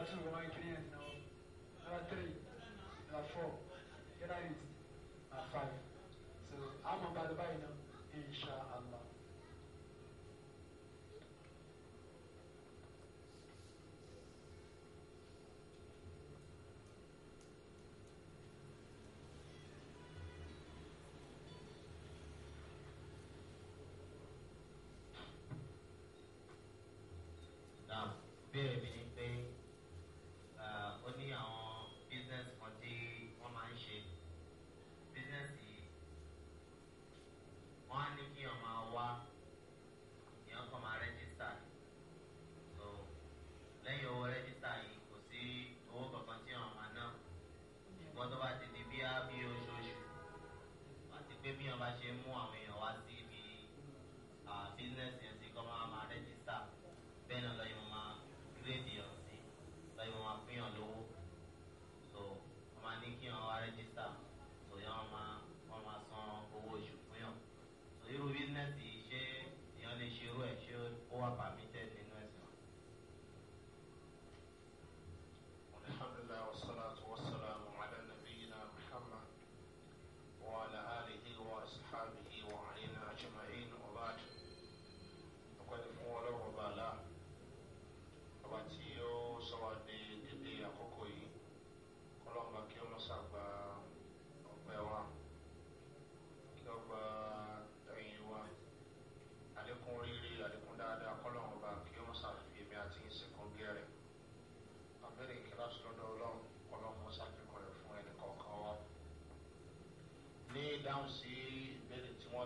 That's what I now. Number three, number four, number five. So I'm about to buy now, inshallah. Now, very,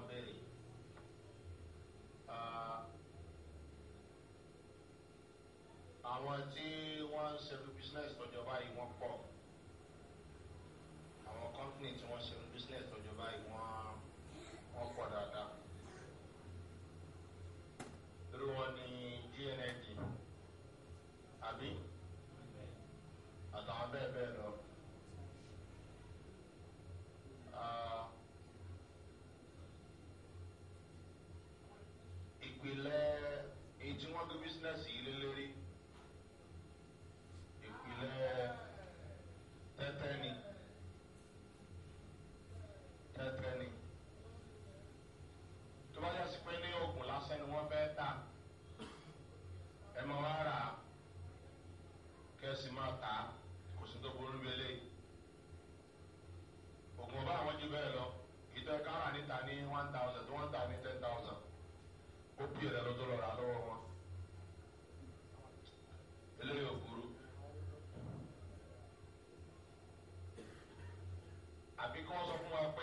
béèrè ah, àwọn tí wọ́n ń ṣerú business lọ́jọ́ báyìí wọ́n pọ̀ àwọn company tí wọ́n ń ṣerú business lọ́jọ́ báyìí wọ́n kí wọ́n sọ fún wa pé.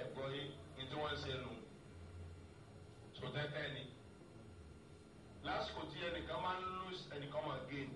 ẹ gbọ́ yé ní tí wọ́n ń ṣe nù sọtẹ́tẹ́ ni lásìkò tí ẹnìkan máa ń lose ẹnìkan máa gain.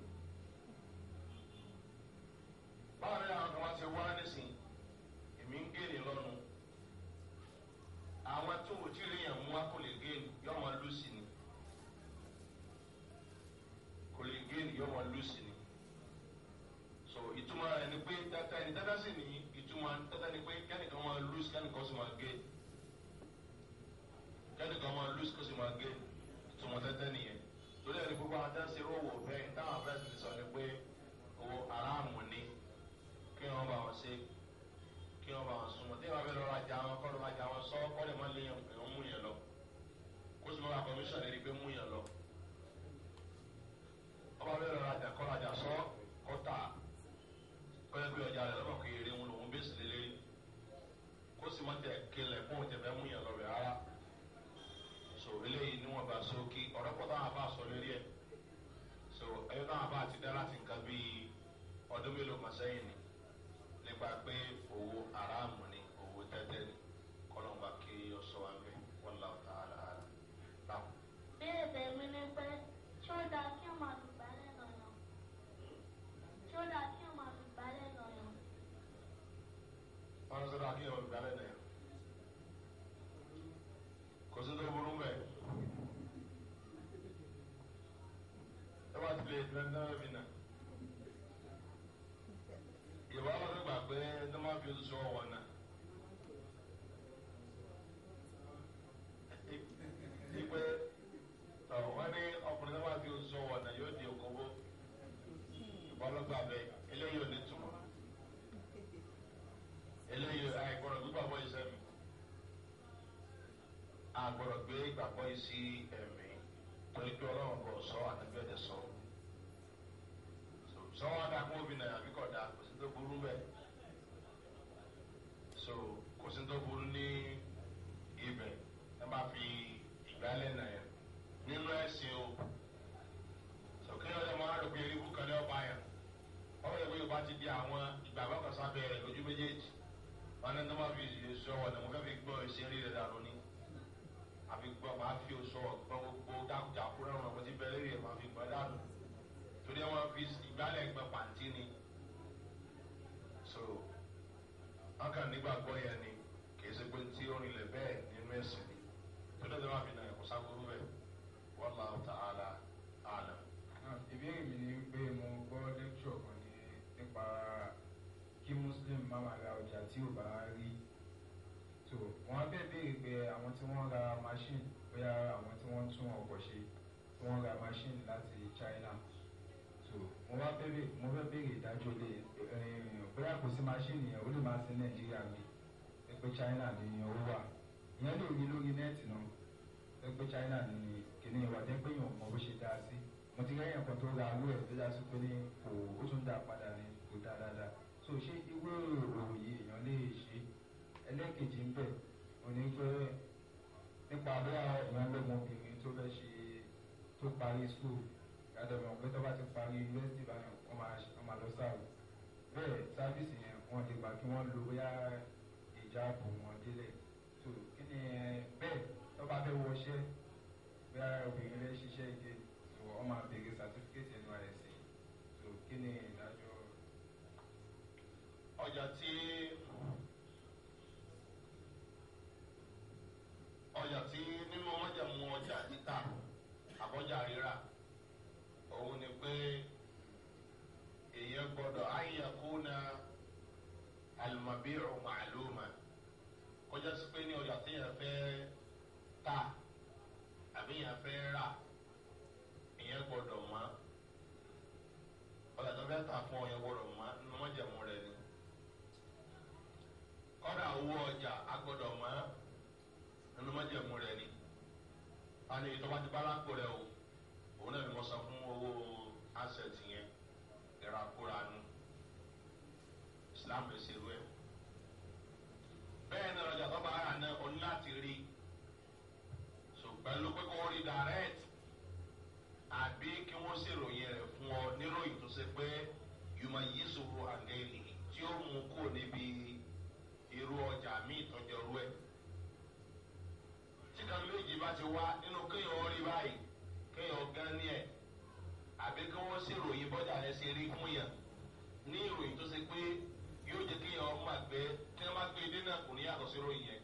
sẹ́yìn ni nípa pé. àgbọ̀rọ̀ gbé ìgbàgbọ́ yìí sí ẹ̀mí torí pé ọlọ́run bọ̀ sọ àtẹ̀gbẹ́dẹ̀ sọ. sọ́wọ́n adá kún obìnrin àbí kọ̀dá kò sí tó burú bẹ́ẹ̀. so kò sí tó burú ní ibẹ̀ ẹ máa fi ìgbálẹ̀ nà yẹn nínú ẹ̀sìn o. sọ̀kẹ́ ọ̀dẹ̀ máa rò pé irú kan ní ọba yẹn ọ̀rọ̀ ìwé ìwà ti di àwọn ìgbàgbọ́ kan sábẹ́ rẹ̀ lójú méjèèjì wọn ní tó máa fi ìṣòwò ọ̀nà mo fẹ́ fi gbọ́ ìṣeré àfi gbọ́ máa fi oṣù ọ̀gbọ́n gbogbo dákújà kúrẹ́ wọn kó ti bẹ̀rẹ̀ rè máa fi gbọ́ dànù torí wọn fi ìgbálẹ̀ gbọ́ pàǹtí ni so wọn kàn nígbàgbọ́ yẹn ni kìí ṣe pé tí orin lè bẹ́ẹ̀ nínú ẹ̀sìn ni torí ọ̀dọ́ wa fi nà ẹ̀kọ́ sáfóró bẹ̀ wọ́n la ọ̀tá àlà àlà. ìbéèrè mi ni pé mo gbọ́ lẹ́kṣọ̀ kan ní nípa kí muslim má máa ra ọjà tí ò bá rí so wọ́n bẹ̀ béèrè pé àwọn tí wọ́n ra machine bóyá àwọn tí wọ́n tún ọkọ̀ ṣe tí wọ́n ra machine láti china so mo bá béèrè mo fẹ́ béèrè ìdájọ́ lé eh, bóyá kò sí machine yẹn ó lè máa ṣe nàìjíríà mi ẹ pé china ni ó wà ìyẹn lè rí lórí nẹ́ẹ̀tì náà ẹ pé china ni kìnìún ìwà jẹ́ pé èèyàn mọ bó ṣe dá sí mo ti rẹ́yìn kan tó ra owó ẹ̀ tó dá sí pé ní kò ó tún dá padà ní kò dá dáadáa so ṣé irú èrò èèyàn lè ṣe ẹlẹ́ẹ̀kejì ń bẹ̀ òní pé nípa bóyá èèyàn lọ́mọbìnrin tó fẹ́ ṣe tó parí skul àdàmọ̀ pé tó bá ti parí yunifásitì báyọ̀ wọ́n máa lọ sáàrù bẹ́ẹ̀ sáfíìsì yẹn wọ́n lè gbà kí wọ́n lo bóyá ìjáàbò wọn délẹ̀ tó kí ni bẹ́ẹ̀ tó bá fẹ́ wọṣẹ́ bóyá obìnrin rẹ̀ ṣiṣẹ́ ìdè wọ́n máa bèrè. bíìrù màálùmá kọjá sí pé ní ọjà téèyàn fẹ́ tà àbí èèyàn fẹ́ rà èèyàn gbọ́dọ̀ mọ́ ọjà tó fẹ́ tà fún ọyàn gbọ́dọ̀ mọ́ nínú mọ́jẹ̀mú rẹ ni kọ́dà owó ọjà agbọ́dọ̀ mọ́ nínú mọ́jẹ̀mú rẹ ni àni ìtọ́wájú bá lápò rẹ o. kúrò níbi irú ọjà míì tọ́jú ọrú ẹ̀. tí kan méjì bá ti wá nínú kéèyàn rí báyìí kéèyàn gán ní ẹ̀ àbí kí wọ́n sì ròyìn bọ́jà rẹ̀ ṣe rí fún yàn ní ìròyìn tó ṣe pé yóò jẹ́ kéèyàn ọmọ àgbẹ̀ tí wọ́n bá gbé ilé e náà kò ní yàtọ̀ sí ròyìn yẹn.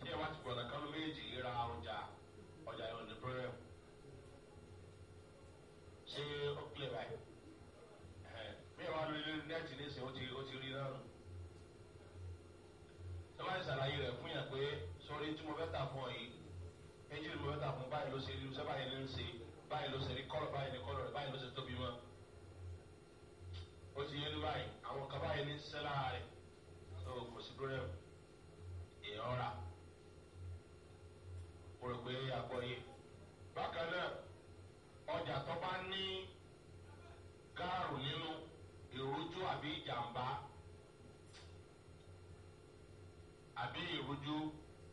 tí ẹ wá ti gbọ̀nà kánú méjì ra ọjà ọjà yọ̀ ní pẹ́rẹ́ ṣé ó kílẹ̀ báyìí. wá ìsàlàyé rẹ̀ fún yàn pé sọrí tí mo fẹ́ tà fún ọ yìí ẹnjìn mo fẹ́ tà fún báyìí ló ṣe rí irúṣẹ́ báyìí ló ń ṣe báyìí ló ṣe rí kọ́lọ̀ báyìí ní kọ́lọ̀ rẹ̀ báyìí ló ṣe tóbi mọ́ ó ti yé ní báyìí àwọn kan báyìí ní sẹ́lá rẹ̀ tó kò sí problem èèyàn rà mo rò pé àgbọ̀ yìí bákan náà ọjà tó bá ní gáàrù nínú ìrújú àbí ìjàmbá. àbí ìrújú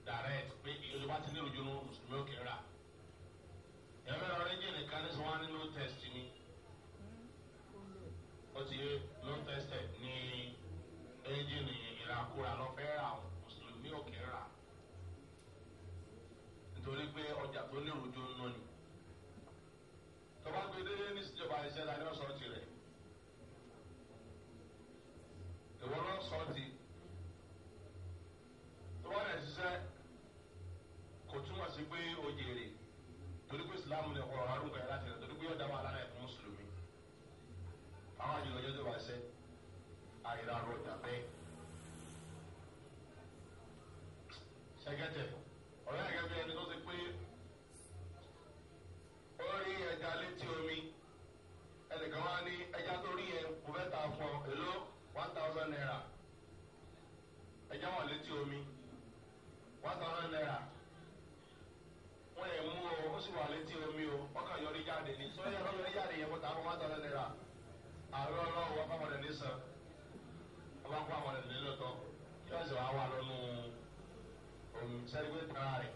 direct pé ìrújú bá ti ní ìrújú nù mùsùlùmí òkè rà ẹ̀rọ mẹ́rin ọ̀rẹ́jì nìkan ní sọ́wọ́n ní test ni ó ti yé tested ní ẹ̀jì ní ọjà tó ní ìrújú nù ni. sẹ́gbẹ́ tán rẹ̀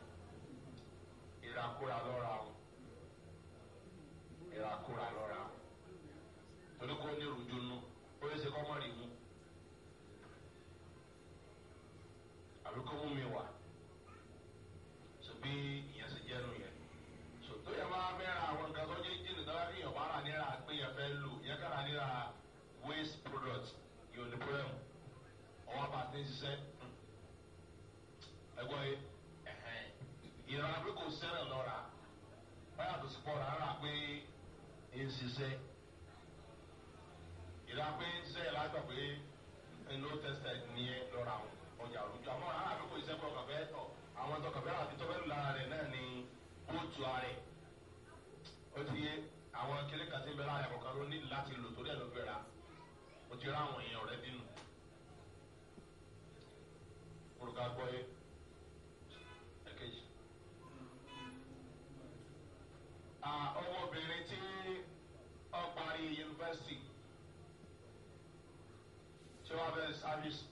ìràkúra lọ́ra o ìràkúra lọ́ra o torí kó ní ìrújú nú ó yẹ ṣe kọ́ mọ́ rí mú àbíkó mú mi wà so bí ìyẹn ṣe jẹ́ nu yẹn so tó yẹ máa fẹ́ ra àwọn nǹkan tó jẹ́ jíjìnì tó bá fi rà níra pé yẹn fẹ́ lò yẹn kàrà níra waste product yóò ní problem ọwọ́ bá ti ń ṣiṣẹ́. ń ṣiṣẹ́ ìdápẹ́ ń ṣiṣẹ́ lágbà pé no tested ní ẹ lọ́ra ọjà àrùjọ àmọ́ aláàbíkó iṣẹ́ pọ̀ kàfẹ́ tọ̀ àwọn tọkàfẹ́ àti tọ́fẹ́ lára rẹ̀ náà ni ó tu ara rẹ̀ ó ti yé àwọn kéré kàtí ń bẹ lára ẹ̀kọ́ kan ló ní láti lò torí ẹ̀ ló fẹ́ ra ó ti rá àwọn èèyàn rẹ̀ dínú. Olùkà gbọ́ yunifásitì tí wọ́n fẹ́ sáfíìsì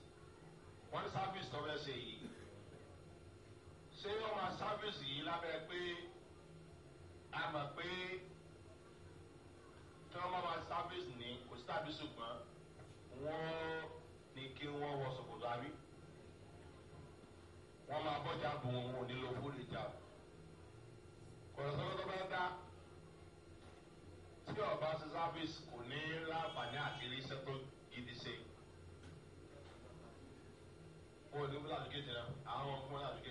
wọ́n ní sáfíìsì tó fẹ́ ṣe yìí ṣé wọ́n máa sáfíìsì yìí lábẹ́ pé a mọ̀ pé tí wọ́n bá máa sáfíìsì ní kò sí tàbí ṣùgbọ́n wọ́n ní kí wọ́n wọ sòkòtò àbí wọ́n máa bọ́jà bùn òun ò ní lọ fún ìjà kọ̀ọ̀sọ́kọ́tọ́ bá dá tí ọba ṣe sáfíìsì kò ní láǹfààní àti irinṣẹ́ tó gidi ṣe. wọ́n ní fúlàní kéde náà àwọn ọmọ fúlàní kéde.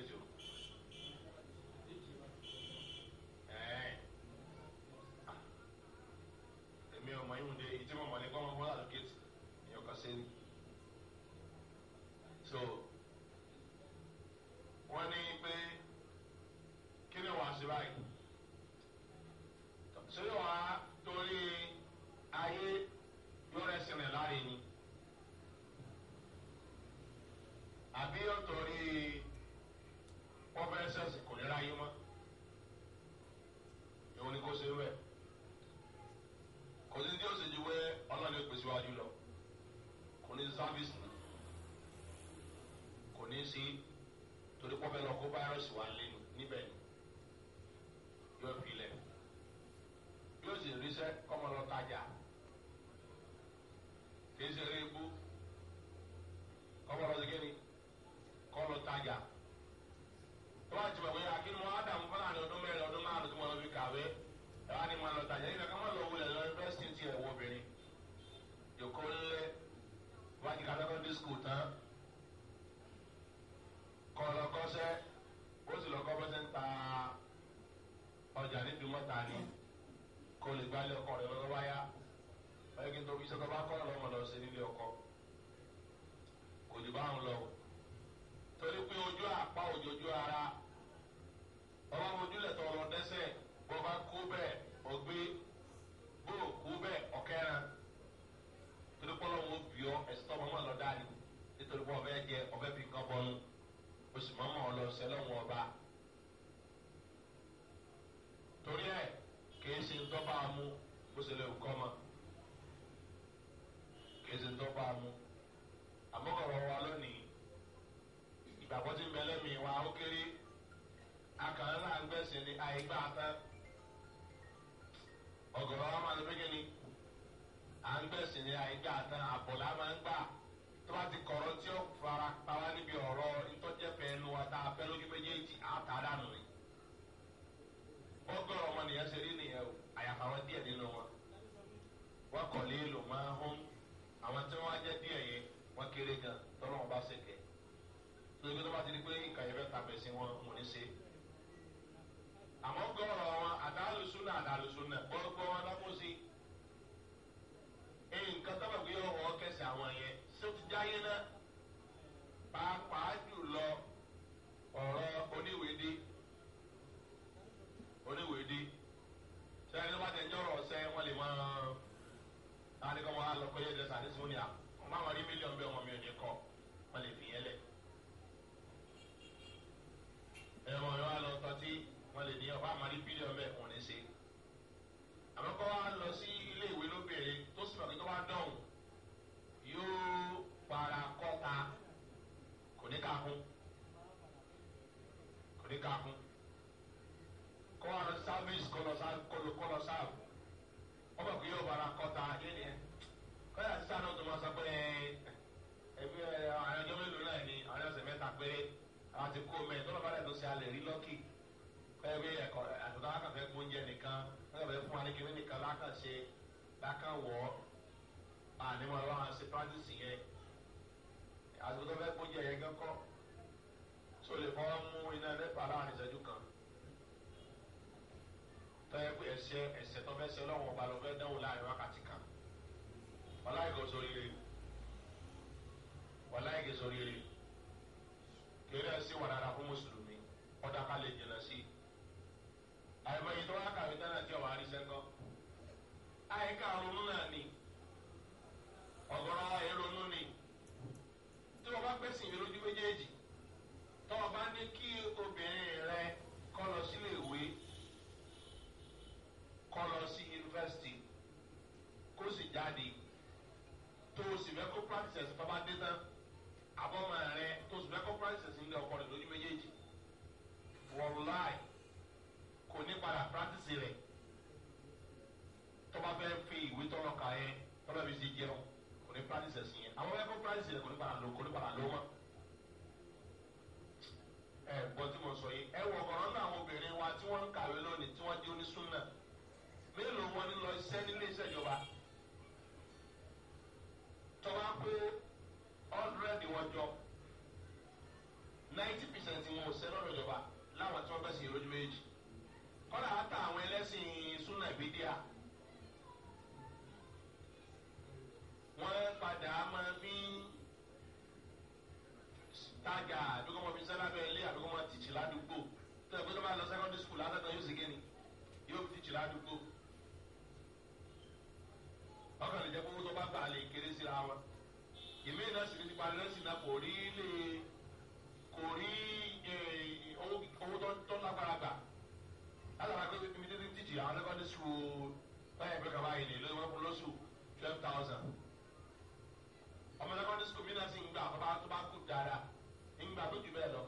mẹ́fà láàrin ìṣẹ́jú kan tọ́yẹ pé ẹ̀ṣẹ́ ẹ̀ṣẹ́ tó fẹ́ ṣe ọlọ́run ọba ló fẹ́ dánwò láàrin wákàtí kan ọláìgò sóríire ọláìgè sóríire kéré ẹ̀ṣẹ́ wà dára fún mùsùlùmí ọ̀dà ká lè jìnà sí i àìmọye tó wá kàwé tẹ́lẹ̀ tí ọ̀wá arísẹ́ kan àyíká ronú náà ni ọ̀gọ́rọ̀ ẹ̀ ronú ni tí wọ́n bá gbèsè ìlú méjèèjì. practices tó bá dé tán àbọ̀mọ rẹ tó sì fẹ́ kó practices ń lé ọkọ rẹ lójú méjèèjì wọ̀rùláì kò ní padà practice rẹ̀ ninety percent wọn ò sẹ́ lọ́rọ̀ ìjọba láwọn tí wọ́n fẹ́ sìn ìrójú méjì kọ́lá àtà àwọn ẹlẹ́sìn súnà ìbídíà wọ́n padà máa fi tajà àdúgbò máa fi sẹ́ lábẹ́ ilé àdúgbò máa tìjì ládùúgbò tó ẹgbẹ́ tó bá lọ secondary school látàkàn yóò segin ni yóò tìjì ládùúgbò ọkàn lè jẹ́ pé owó tó bá gbà lè kéré síra wọn ìmí náà sì ti parí náà sì náà kò rí lè. láìpẹ́ kaba yìí lè lọ́wọ́ fún lọ́sù twelve thousand ọmọ sẹ́kọ́ndì skul mi náà sì ń gbà tó bá kú dáadáa ń gbà tó jù bẹ́ẹ̀ lọ.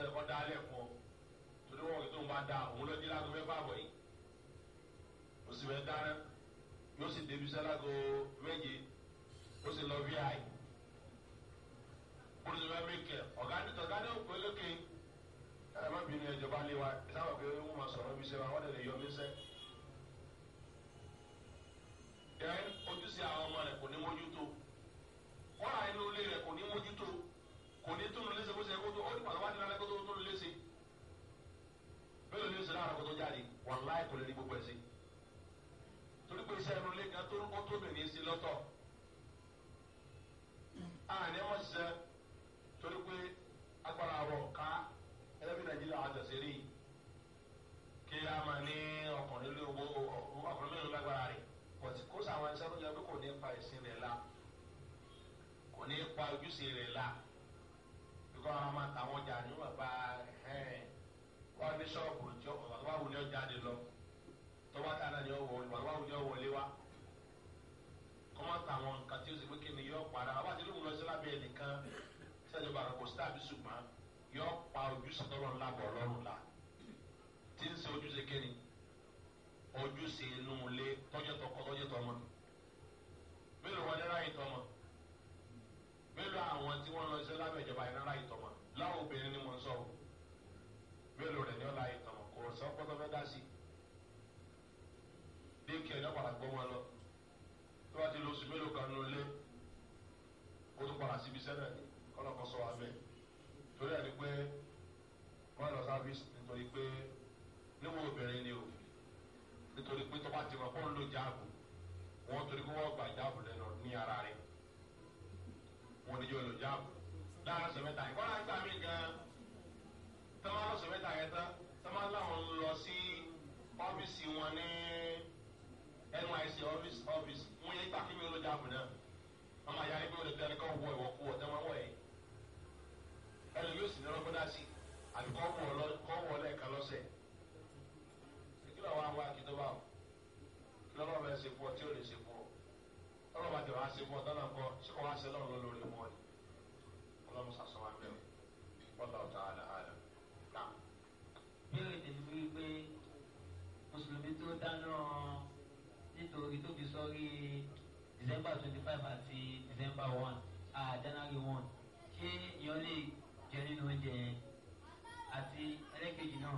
tó yẹ kọ́ dá alẹ́ fún ọ torí wọn kì í tó ń bá da òun lọ jí lágbo mẹ́fà bọ̀ yìí ó sì fẹ́ dáná yóò sì débi sálágò méje ó sì lọ vi àyè bó ti fẹ́ mí kẹ ọ̀gá ní ọ̀gá ní òpè lókè ẹ má bínú ìjọba lé wa sábà pé ó máa sọ̀rọ̀ bí sẹ́wà wọ́n lè yọ mí sẹ́ ẹ ojúṣe àwọn ọmọ rẹ kò ní mójútó wọ́n àyè ní olè rẹ kò ní mójútó kò ní túnú lẹ́sẹ̀ ojúṣe rẹ̀ la bíkọ́ àwọn máa tàwọn ọjà ní bàbá wọn ní ṣọ́ọ̀bù tí wàá wù ní ọjà ni lọ tọ́wọ́ tà náà ni ọwọ́ wàá wù ní ọwọ́ lé wa kọ́ máa tàwọn nǹkan tí o sì pé kí ni yọ padà bàbá àti lóun lọ sí lábẹ́ ẹnìkan sẹ́jọba àrùn kò sí tàbí ṣùgbọ́n yọ pa ojúṣe tọ́lọ́ ńlá bọ̀ ọlọ́run la tí ń ṣe ojúṣe kí ni ojúṣe inú ilé tọ́jọ́ tọkọ tọ́jọ́ tọmọ mélòó wọn ní tọmọ wọ́n lọ sí lábẹ́ ìjọba ìnára ìtọ̀mọ̀ láwọn obìnrin ni wọ́n sọ o mélòó rẹ̀ ni ọ̀la ìtọ̀mọ̀ kò sọ pọ́tọ́ fẹ́ dá sí i dékè ẹ̀dá padà gbọ́ wọn lọ tó bá ti lo oṣù mélòó kan nínú ilé kó tó padà síbi sẹ́nà ni kọ́lọ́kọ́ sọ wa bẹ́ẹ̀ torí ẹni pé wọ́n lọ sáfíìsì nítorí pé níwọ̀n obìnrin ni o nítorí pé tó bá ti mọ̀ pọ́n lò jáàbù wọ́n torí pé wọ́n gbà jáàbù lẹ́nu ní ara rẹ̀ àfojú olùjáàbò láàrin ọ̀sẹ̀ mẹ́ta ìkọ́lá gbà mí gan-an tọ́mọ́ lọ́sẹ̀ mẹ́ta yẹn tán tọ́mọ́ láwọn lọ sí ọ́fíìsì wọn ní nyc ọ́fíìsì ọ́fíìsì wọ́n yẹ gbà kí mi olùjáàbò náà wọ́n máa yára ẹgbẹ́ olùdarí kan wọ ìwọ̀ kú ọ̀tẹ́ wọn wọ̀ yìí ẹnu yóò sì ní ọlọ́gbọ́n dá sí àbí kọ́ wọ lẹ́ẹ̀kan lọ́sẹ̀ kí lọ́wọ́ àwọn akitọ́ba kí lọ́wọ́ bẹ́ẹ̀ ṣe fún ọ tí ò lè ṣe fún ọ tọ́lọ́ bá jọ wá ṣe fún ọ tọ́lọ́ nǹkan kọ́ máa ṣe lọ́rùn lórí wọn ni ọlọ́run ṣàṣọ wa bẹ́ẹ̀ wọ́n lọ ta àlà àlà náà. bẹ́ẹ̀ ni mùsùlùmí tó dáná nítorí tó fi sọ́rí december twenty five àti december one ah january one ṣé ìyọ́n lè jẹ nínú oúnjẹ yẹn àti ẹlẹ́kejì náà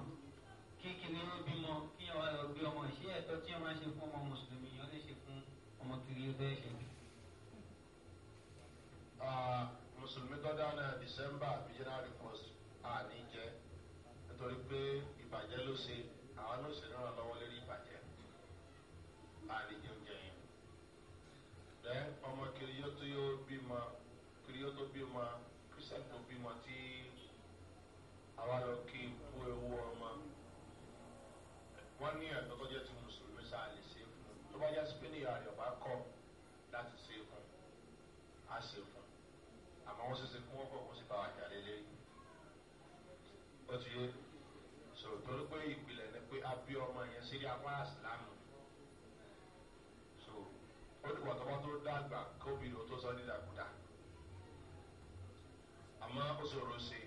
kékeré ló bímọ kíyàn wá lọ gbé ọmọ ìṣe ẹ̀tọ́ tí wọ́n máa ṣe fún ọmọ mùsùlùmí ìyọ́n lè ṣe fún ọmọ kiri ẹgbẹ́ ìṣèlú mùsùlùmí tó dáná december àbí january first àní jẹ nítorí pé ìbàjẹ́ ló ṣe àwọn ló ṣe náà lọ́wọ́ lérí ìbàjẹ́ àní jẹ oúnjẹ yẹn dẹ ọmọ kiriyó tó yóò bímọ kiriyó tó bímọ kristian tó bímọ tí àwa lọ kí ikú ewu ọmọ wọn ní ẹ̀dọ́kọ́jẹ́ ti mùsùlùmí sáà lè ṣe fún un tó bá yá sí ó ti yé so torí pé ìpìlẹ̀ ni pé abí ọmọ yẹn sí ní apá ìsìlámù so ó ní wàtọ́wọ́ tó dàgbà kóbìnrin tó sọ ní dàgùdà àmọ́ ó ṣòro ṣe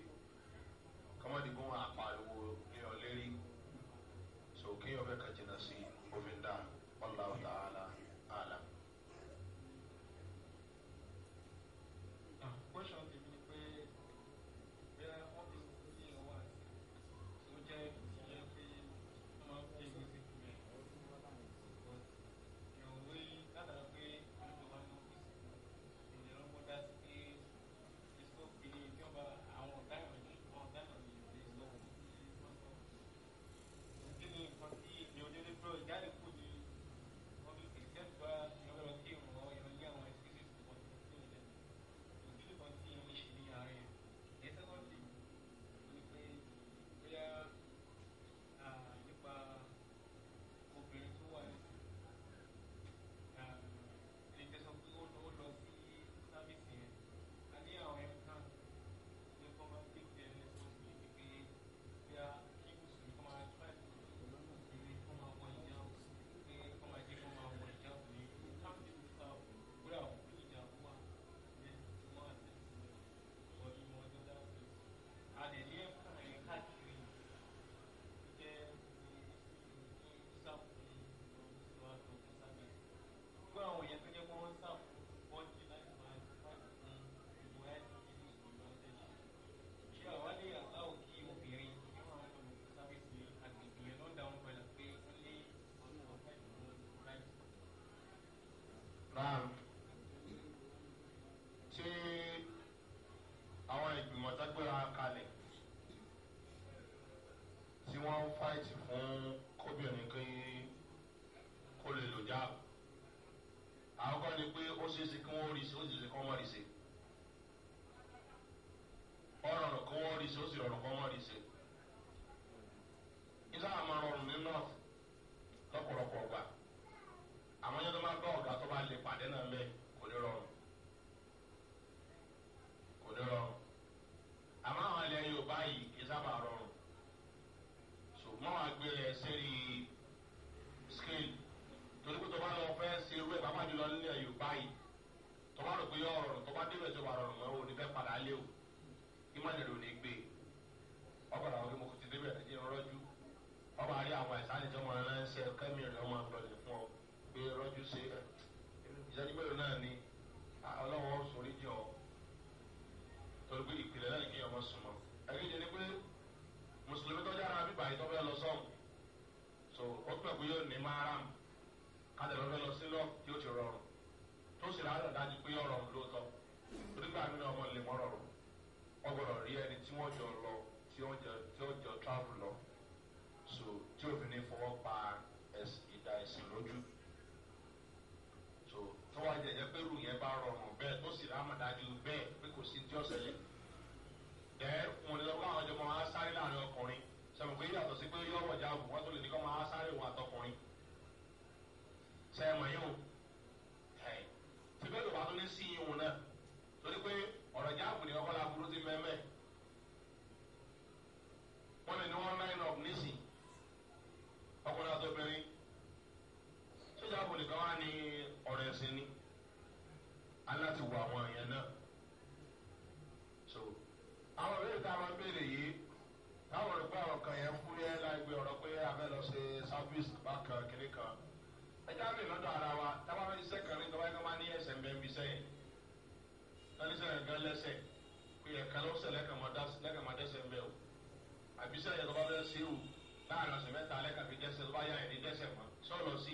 lọ́sẹ̀ mẹ́ta alẹ́ kàfi jẹ́sẹ̀ ló bá yá ẹ̀rí jẹ́sẹ̀ mọ́ sọ̀rọ̀ sí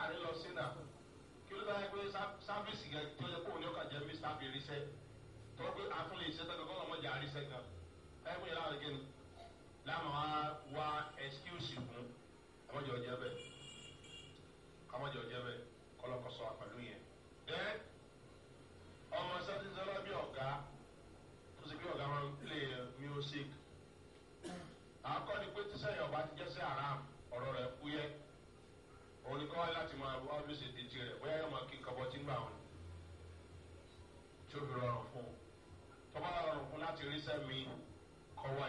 àní lọ sí náà kí ló bá yẹ pé sáfíìsì yẹn tó yẹ kó ní ọkà jẹ́ mí sáfì ríṣẹ́ tó pé atúnlé ìṣẹ́ tó kọ́kọ́ ọmọ jà ríṣẹ́ gan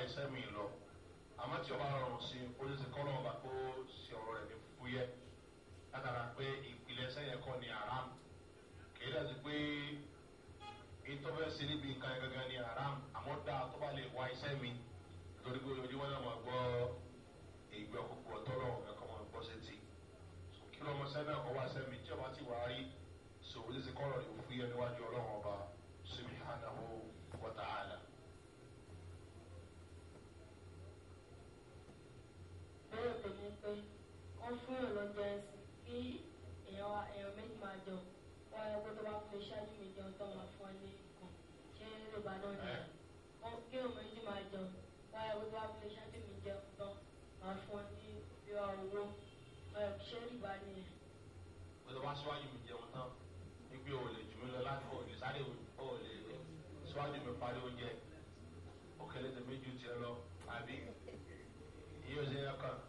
iṣẹ́ mi lọ àmọ́ tí ọba rọrùn sí i ó lè ṣe kọ́ lọ́wọ́ bá kó ṣe ọ̀rọ̀ rẹ̀ ní fúyẹ́ látara pé ìpìlẹ̀ iṣẹ́ yẹn kọ́ ni haram kì í dàbí pé ìtọ́fẹ́ sí níbi nǹkan yẹn gangan ni haram àmọ́ dáa tó bá lè wá iṣẹ́ mi nítorí pé ojú wọn náà máa gbọ́ ìgbẹ́ òkùnkùn ọ̀tọ́ lọ́wọ́ ẹ̀kọ́ máa gbọ́ sétí kí lọ́mọ sẹ́mi ọ̀kọ́ wá sẹ́mi tí ọba ti wá rí sòwò lè ṣe kọ́ lọ́ọ̀ wọ́n fún yàn lọ́jọ́ ẹ̀sìn kí èèyàn èèyàn méjì máa jẹun wọ́n yẹ kó tó bá fún iṣáájú mi jẹun tó máa fún ọ ní nǹkan ṣé lè bá náà jẹ wọ́n kí èèyàn méjì máa jẹun wọ́n yẹ kó tó bá fún iṣáájú mi jẹun tó máa fún ọ ní bí owó ṣé lè bá ní yẹn. mo lọ wá mi jẹun tán wípé o lè jù mí lọ láti o lè sáré o lè síwájú mi parí oúnjẹ òkèlè tèmi ju tiẹ lọ àbí iye ọ̀sẹ̀ yẹn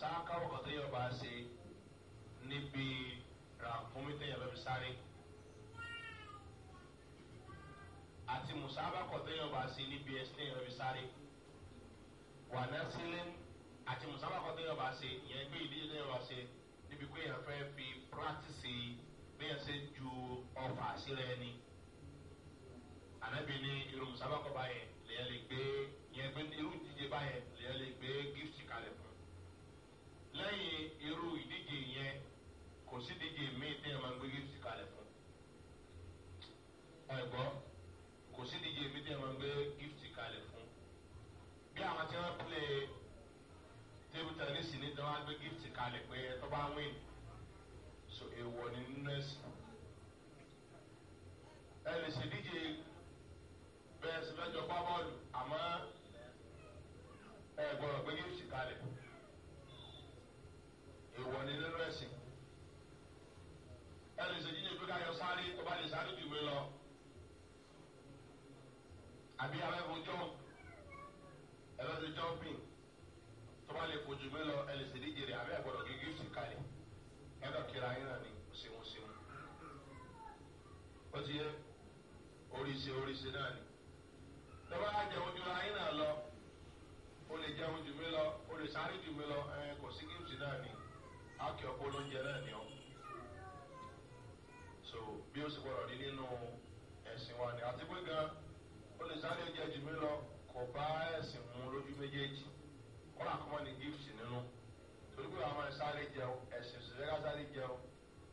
sáákàwọ̀ kan tó yẹ bá ṣe níbi ràǹkómi tó yẹ bá fi sáré àti musaba kan tó yẹ bá ṣe níbi ẹsẹ̀ tó yẹ bá fi sáré wà lẹ́sílẹ̀ àti musaba kan tó yẹ bá ṣe ìyẹn pé ìdíje tó yẹ bá ṣe níbi pé èèyàn fẹ́ fi pírátìsì bí èèyàn ṣe ju ọfà sílẹ̀ ni ànábì ní irú musaba kan báyẹn lèyẹn lè gbé ìyẹn pé irú ìdíje báyẹn lèyẹn lè gbé gífìtì kalẹ̀ lẹ́yìn irú ìdíje yẹn kò sí ìdíje míì tẹ́ ẹ máa gbé gift kalẹ̀ fún ẹ̀gbọ́ kò sí ìdíje míì tẹ́ ẹ máa gbé gift kalẹ̀ fún bí àwọn tí wọ́n pilẹ̀ table tennis ní tí wọ́n gbé gift kalẹ̀ pé ẹ tó bá win so èèwọ̀ ni nínú ẹ̀sìn ẹ lè ṣe díje bẹ́ẹ̀ sì fẹ́ jọ gbá bọ́ọ̀lù àmọ́ ẹ gbọ́dọ̀ gbé gift kalẹ̀ fún èèwọ̀ ni nínú ẹ̀sìn ẹ lè ṣe jíjẹ pé káyọ sáré tó bá lè sáré ju ìwé lọ àbí abẹ́fun jọ́ọ̀ ẹ lọ sí jọ́ọ̀pìn tó bá lè kojú ìwé lọ ẹ lè ṣe díje rẹ àbí ẹ̀gbọ́dọ̀ kí gífù kalẹ̀ ẹ lọ kíra yín náà ni ṣeun ṣeun ó ti yẹ oríṣi oríṣi náà ni tó bá jẹun ayé náà lọ o lè jẹun jù mí lọ o lè sáré jù mí lọ ẹ kò sí gífù náà ni ákì ọkọ olóúnjẹ náà ni ọ so bí ó sì gbọdọ̀ rí nínú ẹ̀sìn wa ni àti pé gan olùsáré oúnjẹ jù mí lọ kò bá ẹ̀sìn mu lójú méjèèjì wọn là kọ́ mọ́ ní gift nínú torí pé àwọn sáré jẹun ẹ̀sìn sì fẹ́ẹ́ sáré jẹun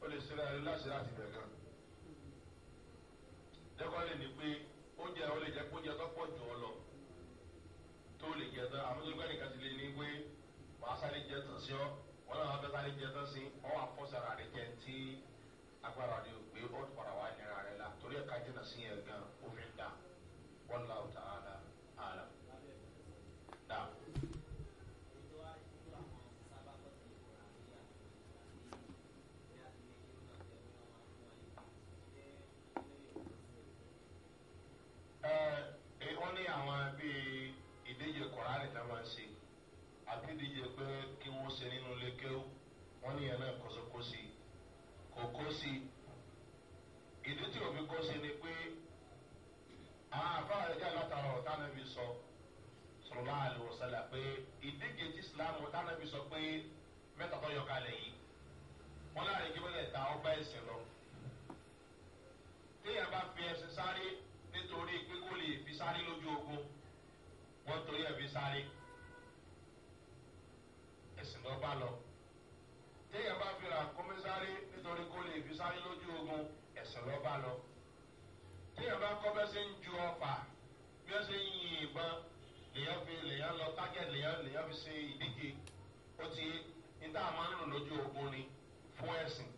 ó lè sẹ́ra ẹ̀rí láti láti bẹ̀ gan dẹ́kọ́ lè ní pé oúnjẹ ó lè jẹ́ pé oúnjẹ tó pọ̀ jù ọ lọ tó lè jẹ tán àmọ́ tó gbẹ́ nìkan ti lè ní pé màá sáré jẹ tàn sí ọ ọlọ́run abẹ́bá rẹ jẹ tán sí ọwọ́ àfọ́sára rẹ jẹ tí agbára rẹ ò gbé ọ̀dùnkọ̀rọ̀ wá nira rẹ la torí ẹ̀ka jìnnà sí yẹn gan ó dà wọ́n lọ́wọ́ ta. wọ́n níyẹn náà kó kó sí kò kó sí ìdí tí òbí kó sí ni pé àwọn àbára ẹja látara ọ̀tá nàbí sọ sọlá àlùwọ̀sálà pé ìdíje tí islam ọ̀tá nàbí sọ pé mẹ́ta tó yọ kalẹ̀ yìí wọ́n láàrin kí wọ́n lè ta ọgbà ẹ̀sìn lọ téèyàn bá fi ẹsẹ̀ sáré nítorí pé kó lè fi sáré lójú ogun wọ́n torí ẹ̀ fi sáré ẹ̀sìn lọ́ bá lọ téèyàn bá fi ràkúnmí sáré nítorí kó lè fi sáré lójú ogun ẹ̀sìn lọ́ba lọ téèyàn bá kọ́ bẹ́sẹ̀ ń ju ọfà bí wọ́n ṣe ń yin ìbọn lèyàn fi lèyàn lọ target lèyàn lèyàn fi ṣe ìdíje ó ti níta máa ń lò lójú ogun ni fún ẹ̀sìn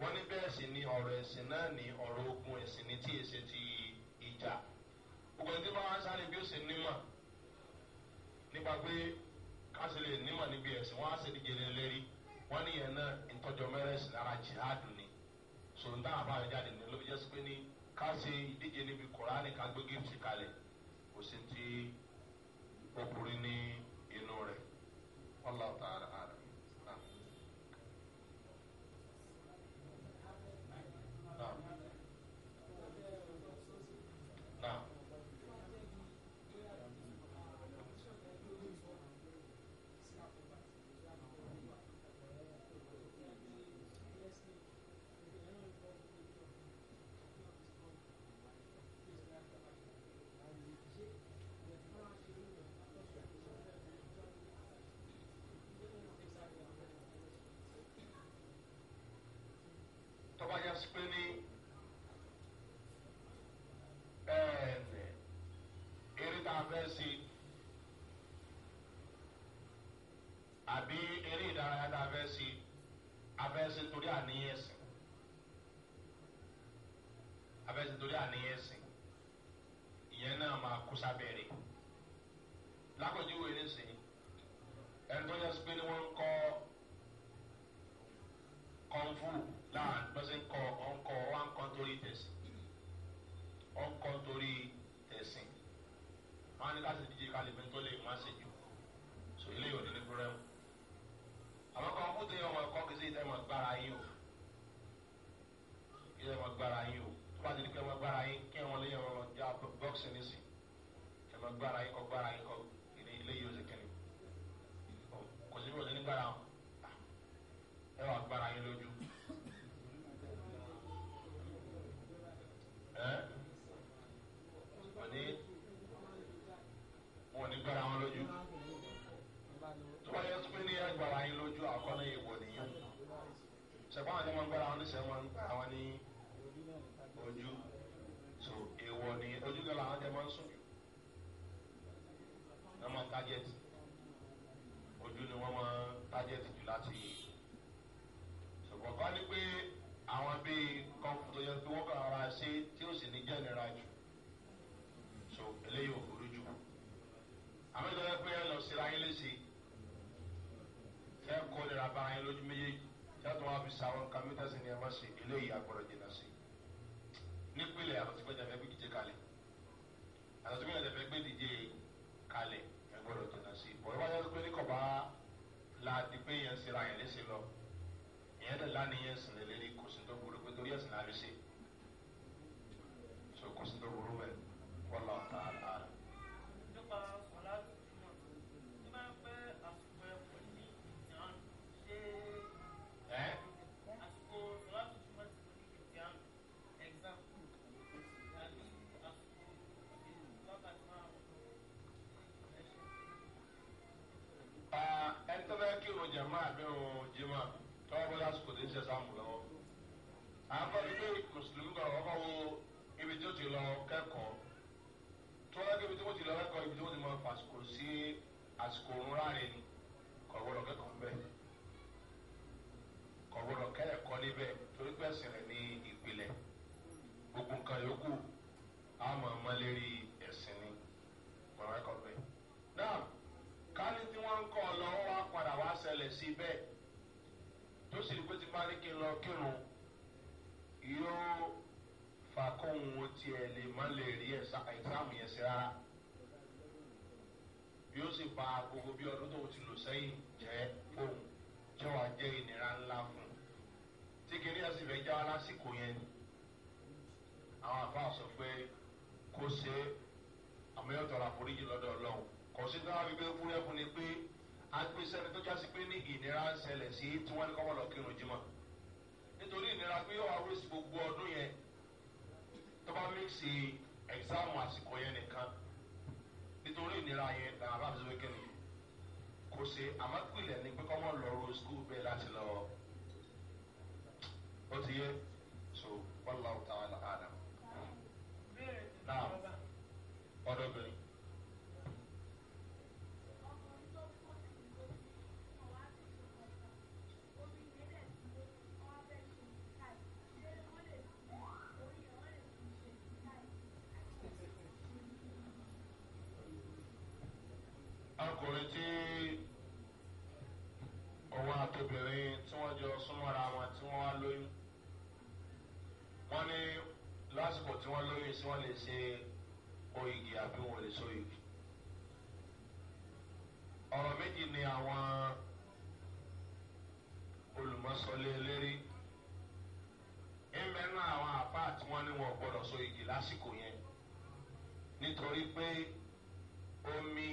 wọ́n ní bẹ́ẹ̀ sì ni ọ̀rọ̀ ẹ̀sìn náà ni ọ̀rọ̀ ogun ẹ̀sìn ni tí èsì ti ìjà gbogbo ẹni tí bá wá sáré bí ó sì nímọ̀ nípa pé ká lè nímọ̀ níbi ẹ̀sìn wọ́n á sì díje lé lérí wọ́n ní yẹn náà ìtọ́jọ mẹ́rẹ́sì lára jihad ni sòrò táwọn àbáyọ jáde ní olóbi jẹ́sí pé ní ká ṣe ìdíje níbi kùránì ká gbé gíftì kalẹ̀ kò sí ti ọkùnrin ní inú rẹ̀ wọ́n lọ́ọ́ tààrà. E é não, mas com kírun yóò fà kóhun ó tiẹ̀ lè má lè rí ẹ̀sáàmù yẹn sí rárá yóò sì ba gbogbo bí ọdún tó ti lò sẹ́yìn jẹ́ fóun jẹ́ wàá jẹ́ ìnira ńlá fún un tí kìnìún ẹ̀sìn fẹ́ jáwá lásìkò yẹn àwọn àbá sọ pé kó ṣe àmúyọ̀tọ̀rọ̀ àforíjì lọ́dọ̀ ọlọ́run kò sí tó wá fi gbé fúnlẹ̀ fún ni pé agbésẹ́ni tó jásí pé ní ìnira ń ṣẹlẹ̀ sí tí wọ́n ní kọ́kọ́ lọ kírun jimá nítorí ìnira pé ó àwọn èsì gbogbo ọdún yẹn tó bá mixi ẹ̀gzámù àsìkò yẹn nìkan nítorí ìnira yẹn làwọn bá fi wékè nìyí kò ṣe àmọ́pìlẹ̀ ni pé kọ́mọ lọ́rọ̀ skul bẹ́ẹ̀ láti lọ ó ti yẹ so wọ́n lọ́wọ́ tàwọn là. àtòbìnrin tí wọ́n jọ súnmọ́ra wọn tí wọ́n wá lóyún wọ́n ní lásìkò tí wọ́n lóyún sí wọ́n lè ṣe oyigi àbí wọn lè sóyigi ọ̀rọ̀ méjì ni àwọn olùmọ̀sọ́lé lérí ẹ̀mẹ́ náà àwọn àpá tí wọ́n ní wọn gbọ́dọ̀ sóyigi lásìkò yẹn nítorí pé omi.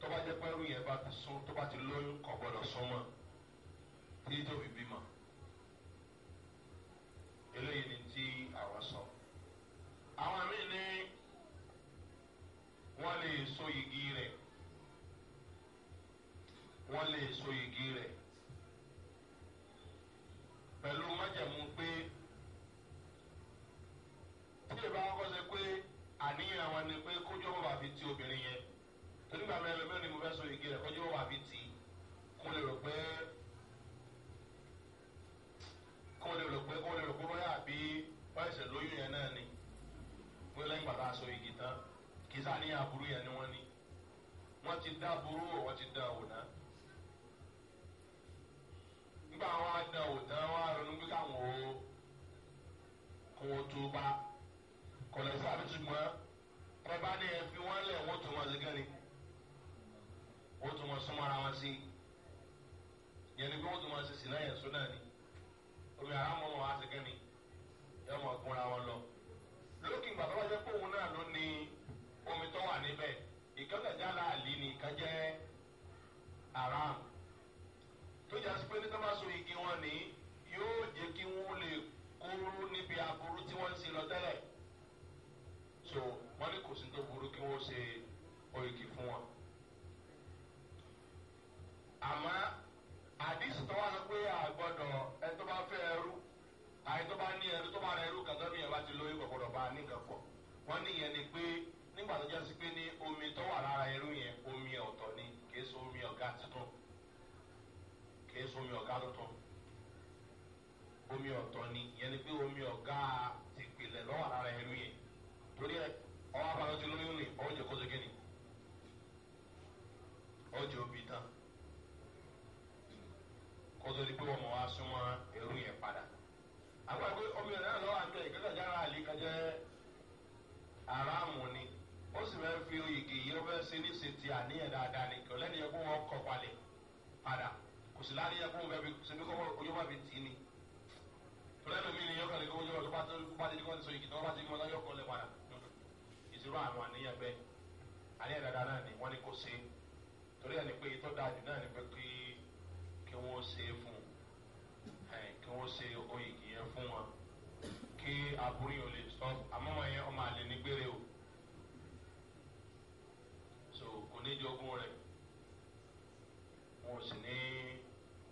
tó bá jẹ́ pẹ́rú yẹn bá ti sún tó bá ti lóyún kọ̀ gbọ́dọ̀ sún mọ́ títí tó fi bímọ. eléyìí ni tí àwọn sọ. àwọn míì ní wọ́n lè so igi rẹ̀ wọ́n lè so igi rẹ̀ pẹ̀lú májẹ̀mú pé tí ìbá wọn kọ́ ṣe pé àníyàn wọn ni pé kójú ọmọ bàbí tí obìnrin yẹn onígbà mi ẹlòmíràn ni mo fẹ́ so igi rẹ̀ kọjú wà fi tì í kó lè rò pé kó lè rò pé kó lè rò pé bóyá àbí báyìí lóyún yẹn náà ni wọ́n lẹ́yìn gbàtà aṣọ igi tán kì í sáà ní àbúrú yẹn ni wọ́n ní wọ́n ti dá burú o wọ́n ti dá o náà nígbà wọn dá o tán wọn ronú pé káwọn o kò tó bá kọ̀lẹ́sì àbí ṣùgbọ́n ẹ bá ní ẹ fi wọ́n lẹ̀ wọ́n tó wọn sí gẹ́ni wọ́n tún máa súnmọ́ ara wọn sí yẹn ni pé wọ́n tún máa ṣe sìnà yẹn sódà ni omi àwọn ọmọ wọn á ti kẹ́ni yọ ọmọ ọkùnrin àwọn lọ lókè ìgbà tó wáyé pé òun náà ló ní omi tó wà níbẹ̀ ìkẹ́kẹ̀já láàlì ni ìkẹ́jẹ́ haram tó jà sí pé ní tọ́ba so igi wọn ni yóò jẹ́ kí wọ́n lè kóró níbi aburú tí wọ́n ń ṣe lọ tẹ́lẹ̀ so wọ́n ní kò sí tó burú kí wọ́n ṣe oyigi fún wọn àmọ́ àdìsí tó wà ní pé àgbọ̀dọ̀ ẹni tó bá fẹ́ ẹrú àyè tó bá ní ẹrú tó bá rẹ ẹrú kan tọ́nu yẹn bá ti lóyún kọ̀kọ̀dọ̀ bá ní nǹkan pọ̀ wọ́n ní yẹn ni pé nígbà tó jásí pé ní omi tó wà lára ẹrú yẹn omi ọ̀tọ̀ ni kìí so omi ọ̀gá tuntun kìí so omi ọ̀gá tuntun omi ọ̀tọ̀ ni yẹn ni pé omi ọ̀gá ti pìlẹ̀ lọ́wọ́ lára ẹrú yẹn torí ẹ ọwọ́ abalọ́ ti lóyún ni ọjọ́ kó ṣe kí ni ọjọ́ òbí tán. kótó di pé wọn mọ wá súnmọ́ ẹrú yẹn padà agbàgbé ọmọ yẹn náà lọ́wọ́ àti ìkẹ́kẹ́ jára àlè kẹjẹ aráàmù ni ó sì fẹ́ fi igi yìí ó fẹ́ ṣe ní ṣètì àníyàn dáadáa ni kò lẹ́nu kó wọ́n kọ́ palẹ̀ padà kò sì láàrin yẹn kó wọ́n fi ṣe bí kọ́ ojú bá fi tì í ni mi ni yọkọ̀ tó bá ti ní torí ẹni kí wọ́n ṣe é fún kí wọ́n ṣe oyè yẹn fún wọn kí aburú yẹn ò lè sọ àmọ́mọ́ yẹn ọmọ àlè ní gbére o so kò ní jogún rẹ̀ wọn ò sì ní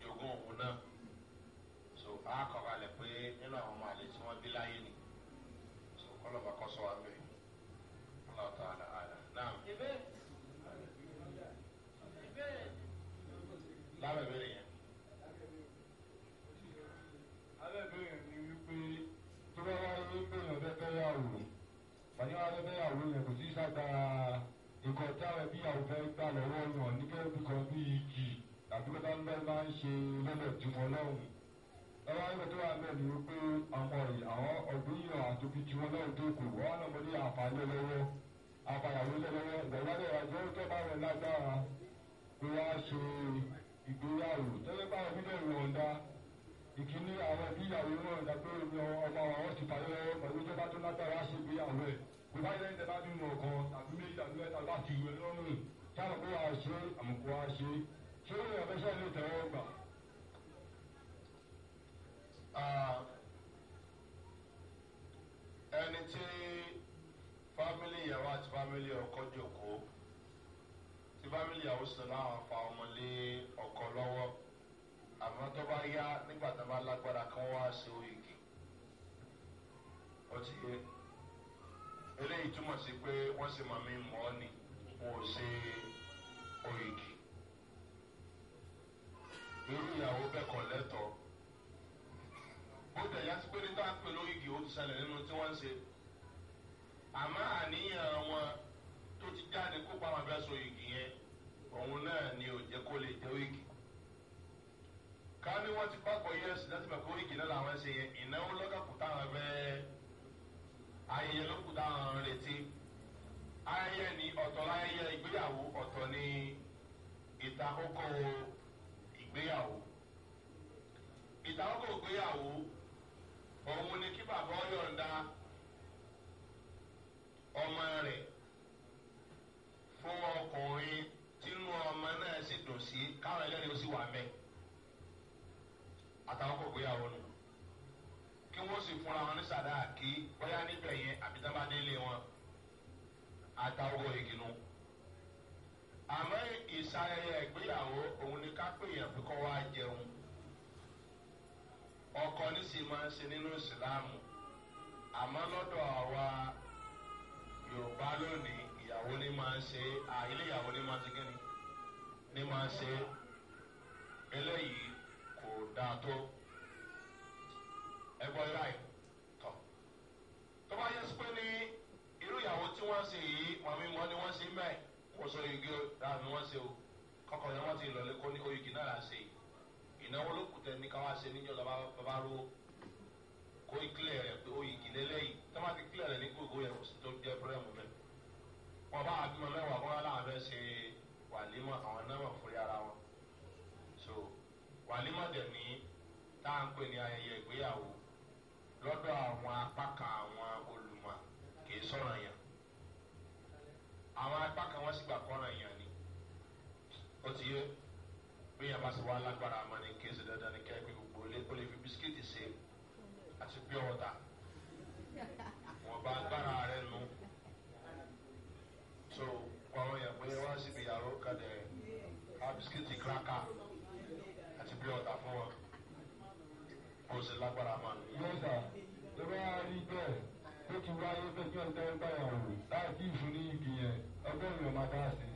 jogún òun náà so a kọ̀ kalẹ̀ pé nínú àwọn ọmọ àlè tí wọ́n bí láyé ni so kọ́lọ́ba kọ́ sọ wa bẹ́ẹ̀ ọlọ́ọ̀ tó àlà àlà náà. ìbéèrè mi. rẹ̀ kò sí sábàá nǹkan táwọn ẹbí àwùjọ gbà lọ́wọ́ yàn nígbà bí kan bí ìjì tàbí kọ́tà ń bẹ́ máa ń ṣe lọ́dọ̀ tí wọ́n lọ́hùn. lọ́wọ́ ayé tó wà bẹ́ẹ̀ ni wípé àwọn àwọn ọ̀gbìn yàn àtòkì tí wọ́n lọ́hùn tó kù wọ́n á lọ́mọ ní àǹfààní lọ́wọ́ àfàyàwó lọ́wọ́ ìgbàlódé àjọ tó bá wọn lágbára pé wọ́n á àwọn ìbíyàwó náà ọmọ àwọn ti tó lágbára ṣe ìgbéyàwó ẹ̀ bí wọ́n yẹn ń tẹ́lá bí mọ̀ kan tàbí méjì tàbí mẹ́ta bá ti wẹ̀ lọ́rùn táwọn kó wa ṣe àmùkù wa ṣe ṣé ó yẹ fẹsẹ̀ ní ìtẹ̀wọ́ gbà. ẹni tí fámìlì ìyàwó àti fámìlì ọkọ jòkó tí fámìlì ìyàwó sì láwọn fa ọmọ lé ọkọ lọ́wọ́ àmọ́ tó bá yá nígbà tó bá lágbára kí wọ́n wá ṣe òyìnbó ó ti yé eléyìí túmọ̀ sí pé wọ́n sì máa mi mọ́ ọ́ ni wọ́n ò ṣe oyèdì irú ìyàwó bẹ́ẹ̀ kọ́ lẹ́tọ̀ọ́ ó tẹ̀yà sí pé nígbà pé lóyìgì ó ti ṣẹlẹ̀ nínú tí wọ́n ń ṣe àmọ́ àníyàn wọn tó ti jáde kó pa màbẹ́ so igi yẹn òun náà ni ò jẹ́ kó lè jẹ́ igi ká ní wọ́n ti pápọ̀ yẹ́sì láti mọ̀ pé igi náà làwọn ṣe yẹn ìnáwó lọ́kàkùn táwọn bẹ́ẹ́ ayẹyẹ ló kù dáhùn retí ayẹyẹ ní ọ̀tọ̀ láyẹyẹ ìgbéyàwó ọ̀tọ̀ ní ìtakókò ìgbéyàwó ìtakókò ìgbéyàwó òun ni kí bàbá ọyọ̀ǹda ọmọ rẹ̀ fún ọkùnrin tínú ọmọ náà sì dùn sí káwọn ẹlẹ́rìí ó sì wà mẹ́ àtàwọn kò gbéyàwó nù kí wọ́n sì fúnra wọn ní sàdáàkì bóyá níbẹ̀ yẹn àbí tá a bá délé wọn àtàwọ̀ ìgìnnú. àmọ́ ìsayẹyẹ ìgbéyàwó òun ni ká pè yàn fi kọ́ wá jẹun. ọkọ nísì máa ń se nínú ìsìláàmù àmọ́ lọ́dọ̀ àwa yorùbá lónìí ìyàwó ni máa ń se àìlè ìyàwó ni máa ti gẹ́ni ni máa ń se eléyìí kò dáa tó ẹ̀gbọ́n ẹ̀ báyìí tọ̀ tó bá yẹ sípé ní irú ìyàwó tí wọ́n ṣe yìí màmí mọ́ ni wọ́n ṣe mẹ́ẹ̀ wọ́n sọ igi dáa ni wọ́n ṣe o kọ́kọ́ ni wọ́n ti lọ lẹ́kọ́ ní oyigi náà la ṣe ìnáwó ló kù tẹ́ ní káwá ṣe níjọ́ bàbá ro kó ìkílẹ̀ rẹ̀ pé oyigi lélẹ́yìí tó bá ti kílẹ̀ rẹ̀ ní gbogbo yẹn kò sí tó jẹ́ pírẹ́mù bẹ́ẹ̀ wọn bá àbímọ mẹ́wàá fún aláàbẹ̀ ṣe wàlímọ̀ àwọn náà fúri ara wọn so wàlímọ̀ dẹ̀ ní tá à ń pè ní ayẹyẹ ìgbéyàwó lọ́dọ̀ àwọn apá kan àwọn olùmọ̀ kìí sọ̀rọ̀ yẹn àwọn apá kan wọ́n sì gbà kọ́rọ̀ yẹn ni ó ti yé bí yẹn bá sì wá lágbára àmọ́ ní kéésì dandan ní kẹ́kẹ́ gbogbo ó lè fi bisikíìtì ṣe àti bí ọ̀tà wọ́n bá agbára rẹ̀ nù so wọ́n yẹn pé wọ́n sì bí yàrá ó kàdé bisikíìtì kíláka àti bí ọ̀tà lágbára ma. yọ́sà ẹ bá rí bẹ́ẹ̀ tó ti wáyé bẹ́ẹ̀ tó ń tẹ́ báyà wò láì tí ìfún ní igi yẹn ọgbọ́n mi ò máa dá sí.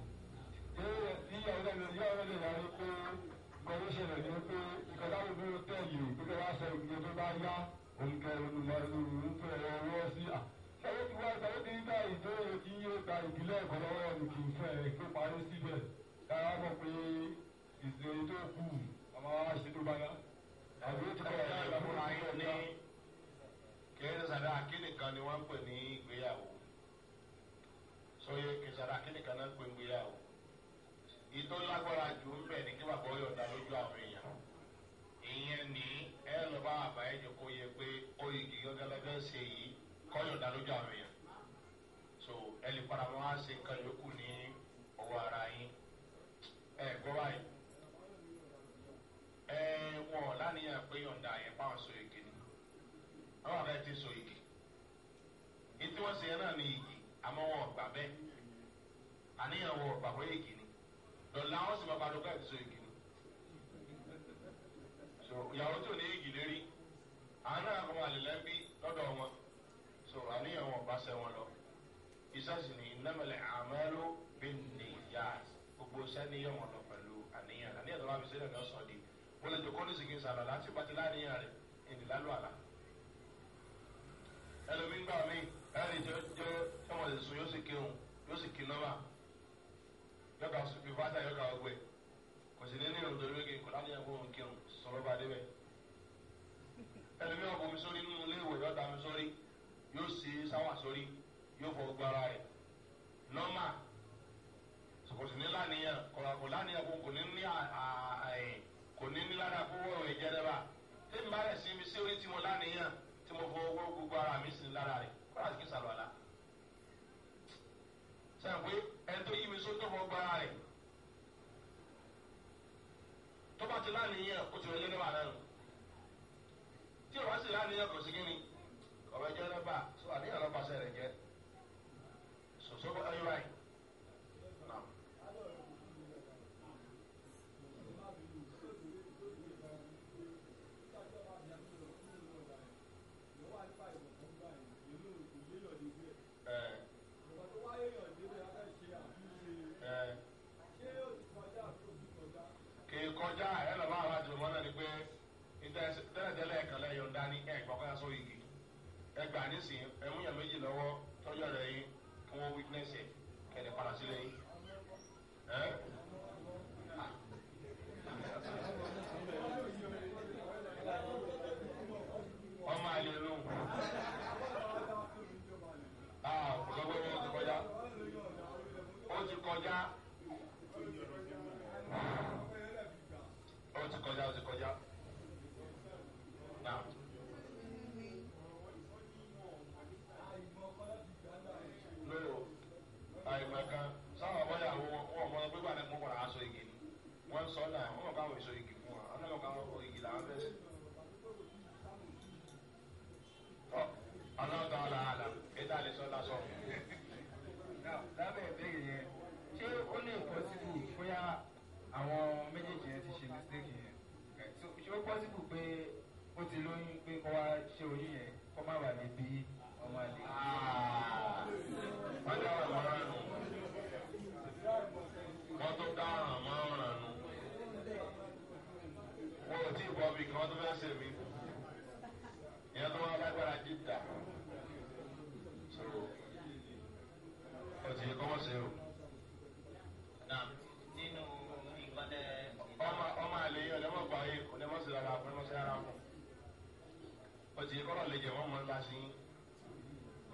yíyá ọlọ́dẹ yíyá ọlọ́dẹ yà rí pé gbọ́dọ̀ ṣẹlẹ̀ ní pé ìkọ̀dáwò bí ó tẹ̀ yìí pé kí wọ́n sọ ìgbìyànjú tó bá yá òǹkẹ́ olùmọ̀ọ́ ẹ̀rọ ti wá ìgbàlódé ní báyìí tó yẹ kí yóò gba ìbílẹ̀ ẹ̀kọ́ lọ́wọ́ ni kì í fẹ́ kó parí síbẹ̀ káyà mọ̀ pé ìsinmi tó kù àmọ́ wá ṣe tó bá yá tàbí ó ti bẹ̀rẹ̀ lè múra yín ní kìí sàdá akínìkan ni wọ́n ń pè ní ìgbéyàwó sọyẹ kìí sàdá akínìkan náà ń pè ìgbéyàwó ìtò lágbára jù ń bẹ̀ ní kí bàbá ọyọ̀ dá lójú àwọn èèyàn ìyẹn ní ẹ lọ bá àbá ẹ̀jẹ̀ kó yẹ pé ó igi gẹ́gẹ́lẹ́gẹ́ ṣe yìí kọ́yọ̀ dá lójú àwọn èèyàn so ẹ lè paramọ́ á ṣe nǹkan yòókù ní ọwọ́ ara yín ẹ gbọ́ báyìí wọn ò lánìyàn pé yọ̀ǹda yẹn pa àwọn so igi ni àwọn àrẹ ti so igi ètò wọn sì yẹn náà ní igi àmọ́ wọn ọ̀gbà àníyàn wọn ọ̀gbà bọ́ igi ni lọ́la wọn sì máa bá lọ́gbà ti so igi ni so ìyàwó tó ní igi lérí àánú àwọn àlèlẹ́ bí lọ́dọ̀ wọn so àníyàn wọn ọ̀gbà sẹ́ wọn lọ ìsásì ní ìnámẹ̀lẹ̀ àmọ́ nìyà gbogbo sẹ́ni yọ̀mọ̀ lọ pẹ̀lú àníyàn àníyàn tó bá fi sílẹ̀ ní ọ̀sán mo lè jòkó ní sìnkì sàlọ̀ láti pàtí láàrin rẹ̀ ìní lálù àlà. ẹlòmí ń gbà mí ẹni jọ jọ sọmọ lè sùn yóò sì kí òun yóò sì kí nọ́mà yọ̀gà fífájà yọ̀gà ọgbẹ́ kò sì ní ní ìrùn torí wíkì kò láti yẹ kó òun kí òun sọ̀rọ̀ bá débẹ̀. ẹlòmí ọkọ̀ mi sórí nínú ilé ìwé yọ̀gà mi sórí yóò sì sáwà sórí yóò fọ gbára rẹ̀ nọ́mà kò sì ní láníyàn kò láníyàn kò ní ní àà kò ní ní lára kó wọ́rọ̀ ìjẹ́dẹ́bà tí n bá rẹ̀ sí ibi sí orí tí mo lánìyàn tí mo fọ owó gbogbo ara mi sí lára rẹ̀ kọ́lá kí sàlùwàlà. sàn pé ẹni tó yí mi sótó fọ gbọ́ ara rẹ̀ tó bá ti lánìyàn ó ti wọlé nígbà náà tí o bá sì lánìyàn kò sí kí ni. museum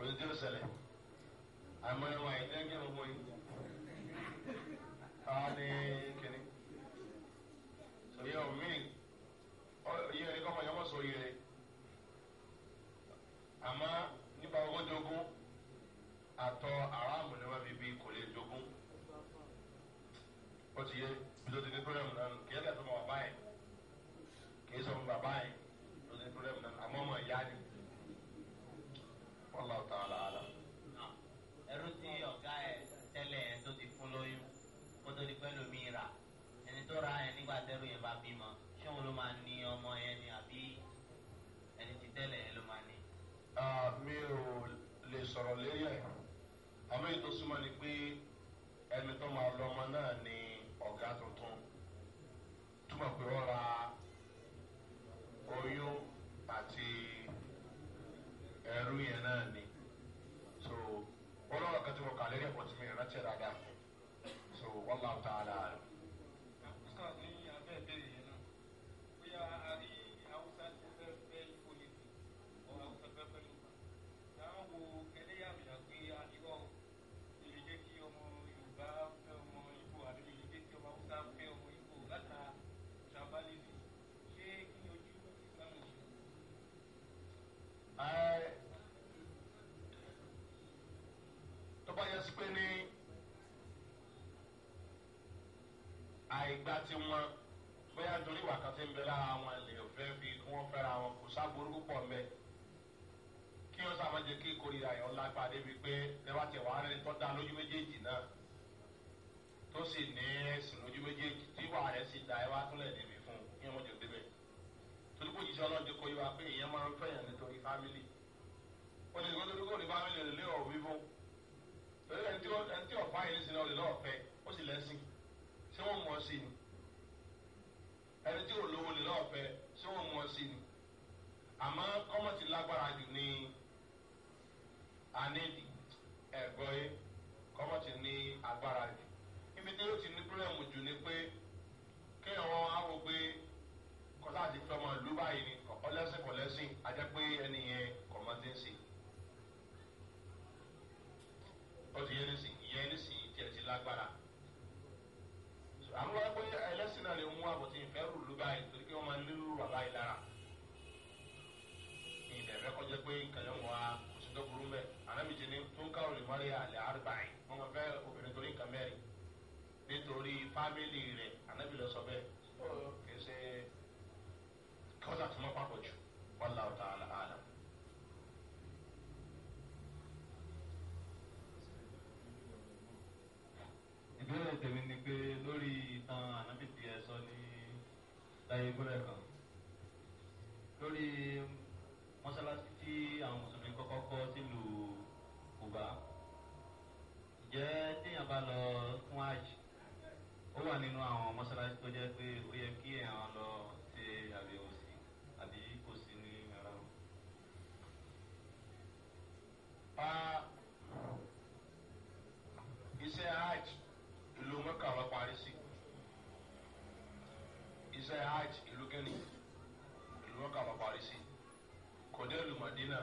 with Jerusalem. And when I thank jásí pé ní àìgbà tí wọn bóyá nítorí ìwà kan ti ń bẹ lára wọn lè fẹ́ fi kí wọ́n fẹ́ra wọn kò sábòrú púpọ̀ mbẹ́ kí wọ́n sábà jẹ́ kí ìkórira yẹn lágbàá débi pé lẹ́wà tẹ̀ wá rẹ̀ tó dá lójú méjèèjì náà tó sì ní ẹ̀sìn lójú méjèèjì tí ìwà rẹ̀ sì dá ẹ wá túnlẹ̀ débi fún kí wọ́n jẹ́ débẹ̀ torí kò jíṣẹ́ ọlọ́dẹ kọ́ yíwa pé èèyàn máa ń fẹ̀yàn nítorí fámìlì ó lè gbọ́dọ̀ ní fámìlì wọ́n mú ọ sí ni ẹni tí ò lówó lè lọ́ọ̀fẹ́ sí wọ́n mú ọ sí ni àmọ́ kọ́mọ̀tì lágbára jù ní anéèdì ẹ̀gbọ́ yé kọ́mọ̀tì ní agbára jù ibi tí ó ti ní pírẹ́mù jù ni pé kéèyàn wọn á wò pé kọ́sáàtì fẹ́ mọ̀ lú báyìí ni ọ̀lẹ́sìn kọ̀lẹ́sìn. family you know,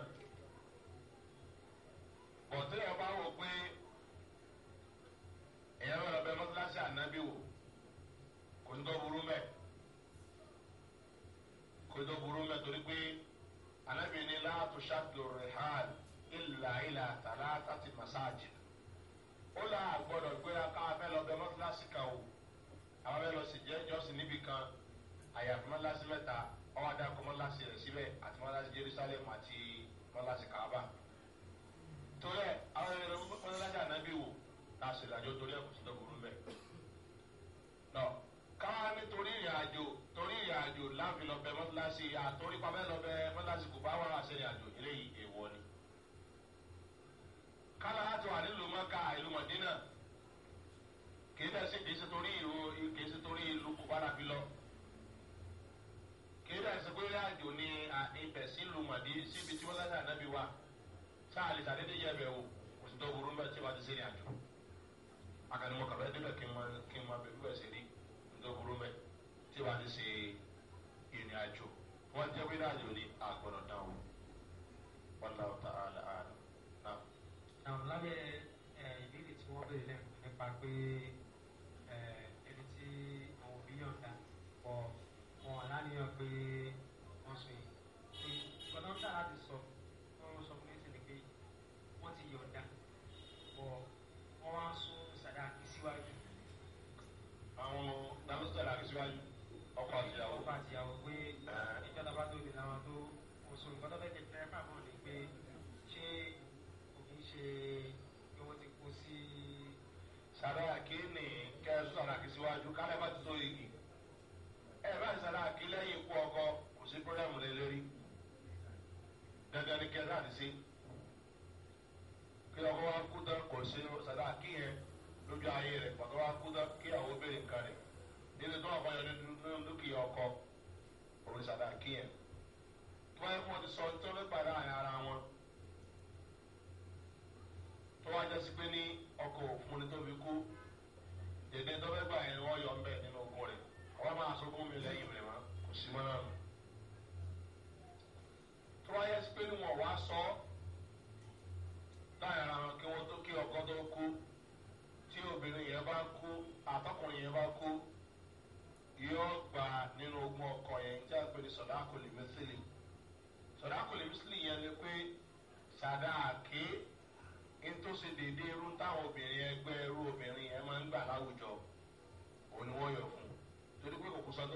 ṣe kí ọkọ wa kú tán kò ṣe sàdá kí yẹn lójú ayé rẹ pàtó wa kú tán kí àwọn obìnrin nǹkan rẹ nínú tó wà fún ayọ̀ nínú dúkìá ọkọ òun sàdá kí yẹn tó wáyé fún ọtí sọ tó lè padà àyà ara wọn tó wá jẹ́ sí pé ní ọkọ̀ òfun ni tó fi kú dèdè tó fẹ́ gbà yẹn wọ́n yọ ọ́ mbẹ́ nínú ogun rẹ̀ ọ̀rọ̀ máa sọ fún mi lẹ́yìn rẹ̀ wá kò sí mọ́ náà. tọkùnrin yẹn bá kú yóò gbà nínú ogún ọkọ yẹn jẹ́ àpè ní sọ̀dáàkù lè mẹ́sìlì yẹn ni pé sàdáàkì nítòsí dédé irú táwọn obìnrin ẹgbẹ́ irú obìnrin yẹn máa ń gbà láwùjọ òun ni wọ́n yọ fún un torí pé kòkòsọ tó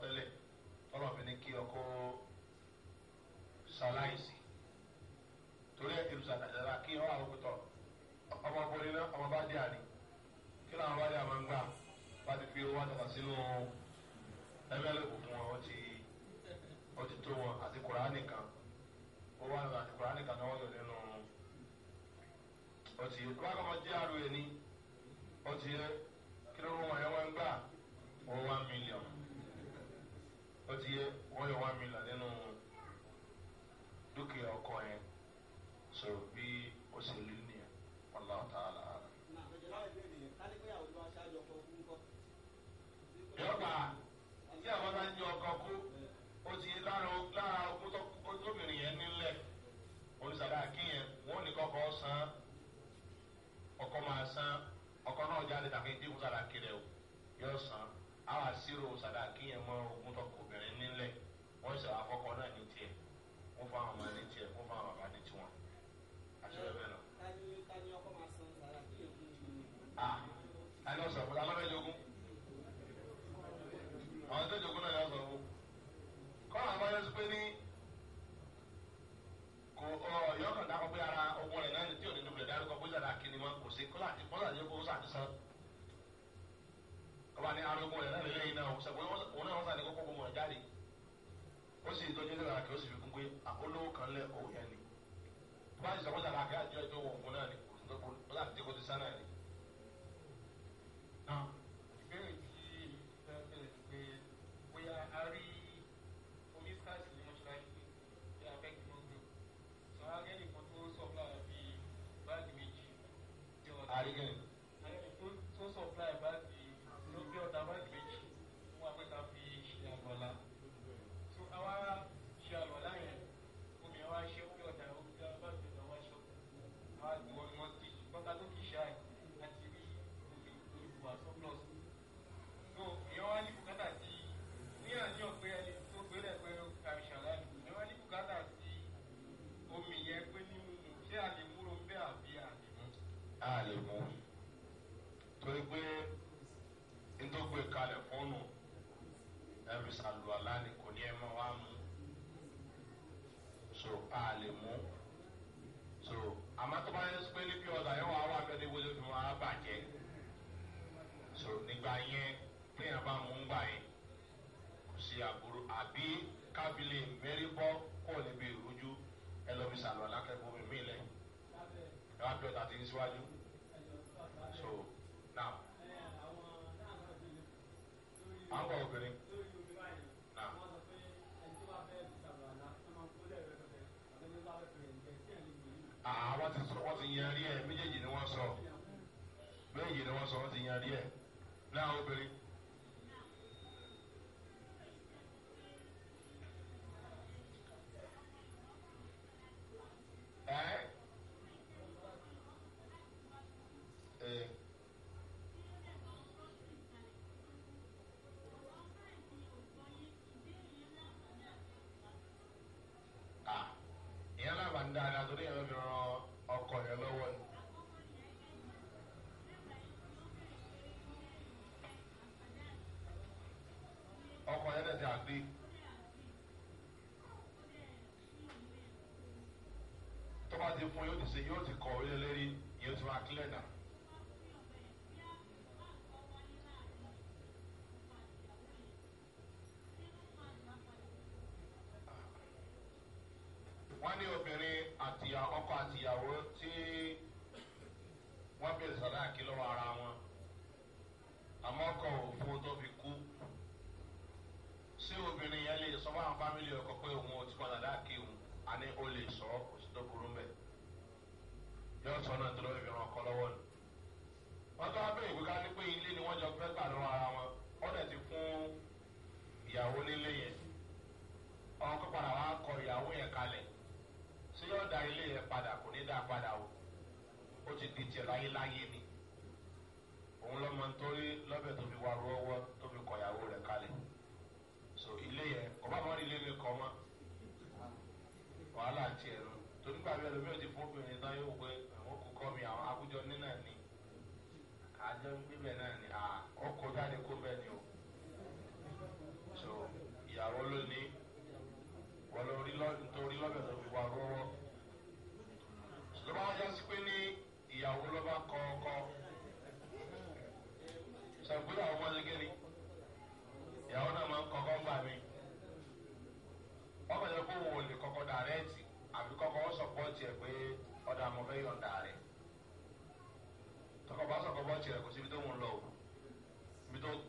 torí ẹ̀ àwọn kí làwọn wáyà máa ń gbà bá ti fi owó àtàkà sínú ẹgbẹ́ òkun wọn ó ti ó ti tó wọn àti kùránì kan owó àtàkà àti kùránì kan náà wọ́n yọ nínú ó ti wọ́n kọ́ máa jẹ́ àrò ẹni ó ti yẹ kí ló wọ́n yẹn wọ́n ń gbà wọ́n one million ó ti yẹ wọ́n yọ one million nínú dúkìá ọkọ yẹn sọ̀rọ̀ bí ó sì lè san ọkọ náà jáde tàbí dín fún sàdáàkì rẹ o yóò san àwọn àṣírò sàdáàkì yẹn mọ ogún tọkọ obìnrin nílẹ̀ wọ́n ṣe àkọkọ náà ní tiẹ̀ ìtọ́jú ní àkè ó sì fi kún pé àkólówó kan lẹ̀ òun yẹn ni. bá a ti sọ fún sàkà àjọ ìjọ wọ̀ náà ni òun tó kún láti dé kó ti sá náà ni. àbí. tó bá ti fún yóò ti ṣe yóò ti kọ̀ orí lórí yóò ti máa kílẹ̀ náà. wọ́n ní obìnrin àtìyà ọkọ àtìyàwó tí wọ́n bèrè sàdáàkì lọ́wọ́ ara yóò sọ náà tọ́lọ́ ìfihàn ọkọ lọ́wọ́ ni. wọ́n tọ́ abẹ́ ìwé ká ní pé ilé ni wọ́n jọ fẹ́ gbà lọ́wọ́ ara wọn ó dẹ̀ ti fún ìyàwó nílé yẹn. ọ̀hún kó padà wá kọ ìyàwó yẹn kalẹ̀ sí yóò da ilé yẹn padà kò ní dá padà o ó ti di tiẹ̀ láyéláyé ni. òun lọ́mọ nítorí lọ́bẹ̀ tó fi wá rọ́wọ́ tó fi kọ ìyàwó rẹ̀ kalẹ̀ so ilé yẹn ọba àwọn ilé mi kọ́ mọ́ wàhálà tiẹ̀ nù torí gbàgbé ẹlòmíràn ti fún obìnrin náà yóò gbé bẹ̀ náà ni à jáde kó ni o so ìyàwó ló ní wọ́n ló nítorí lọ́bẹ̀ tó fi wá rọ́wọ́ ló bá jọ sí pé ní ìyàwó ló bá kọ ọkọ sàgbéyàwó wọn lé ìyàwó náà máa ń kọ́kọ́ gbà mí wọ́n kó wò lè kọ́kọ́ dàrẹ́ẹ̀tì àbí kọ́kọ́ wọ́n ẹ̀ pé ọ̀dà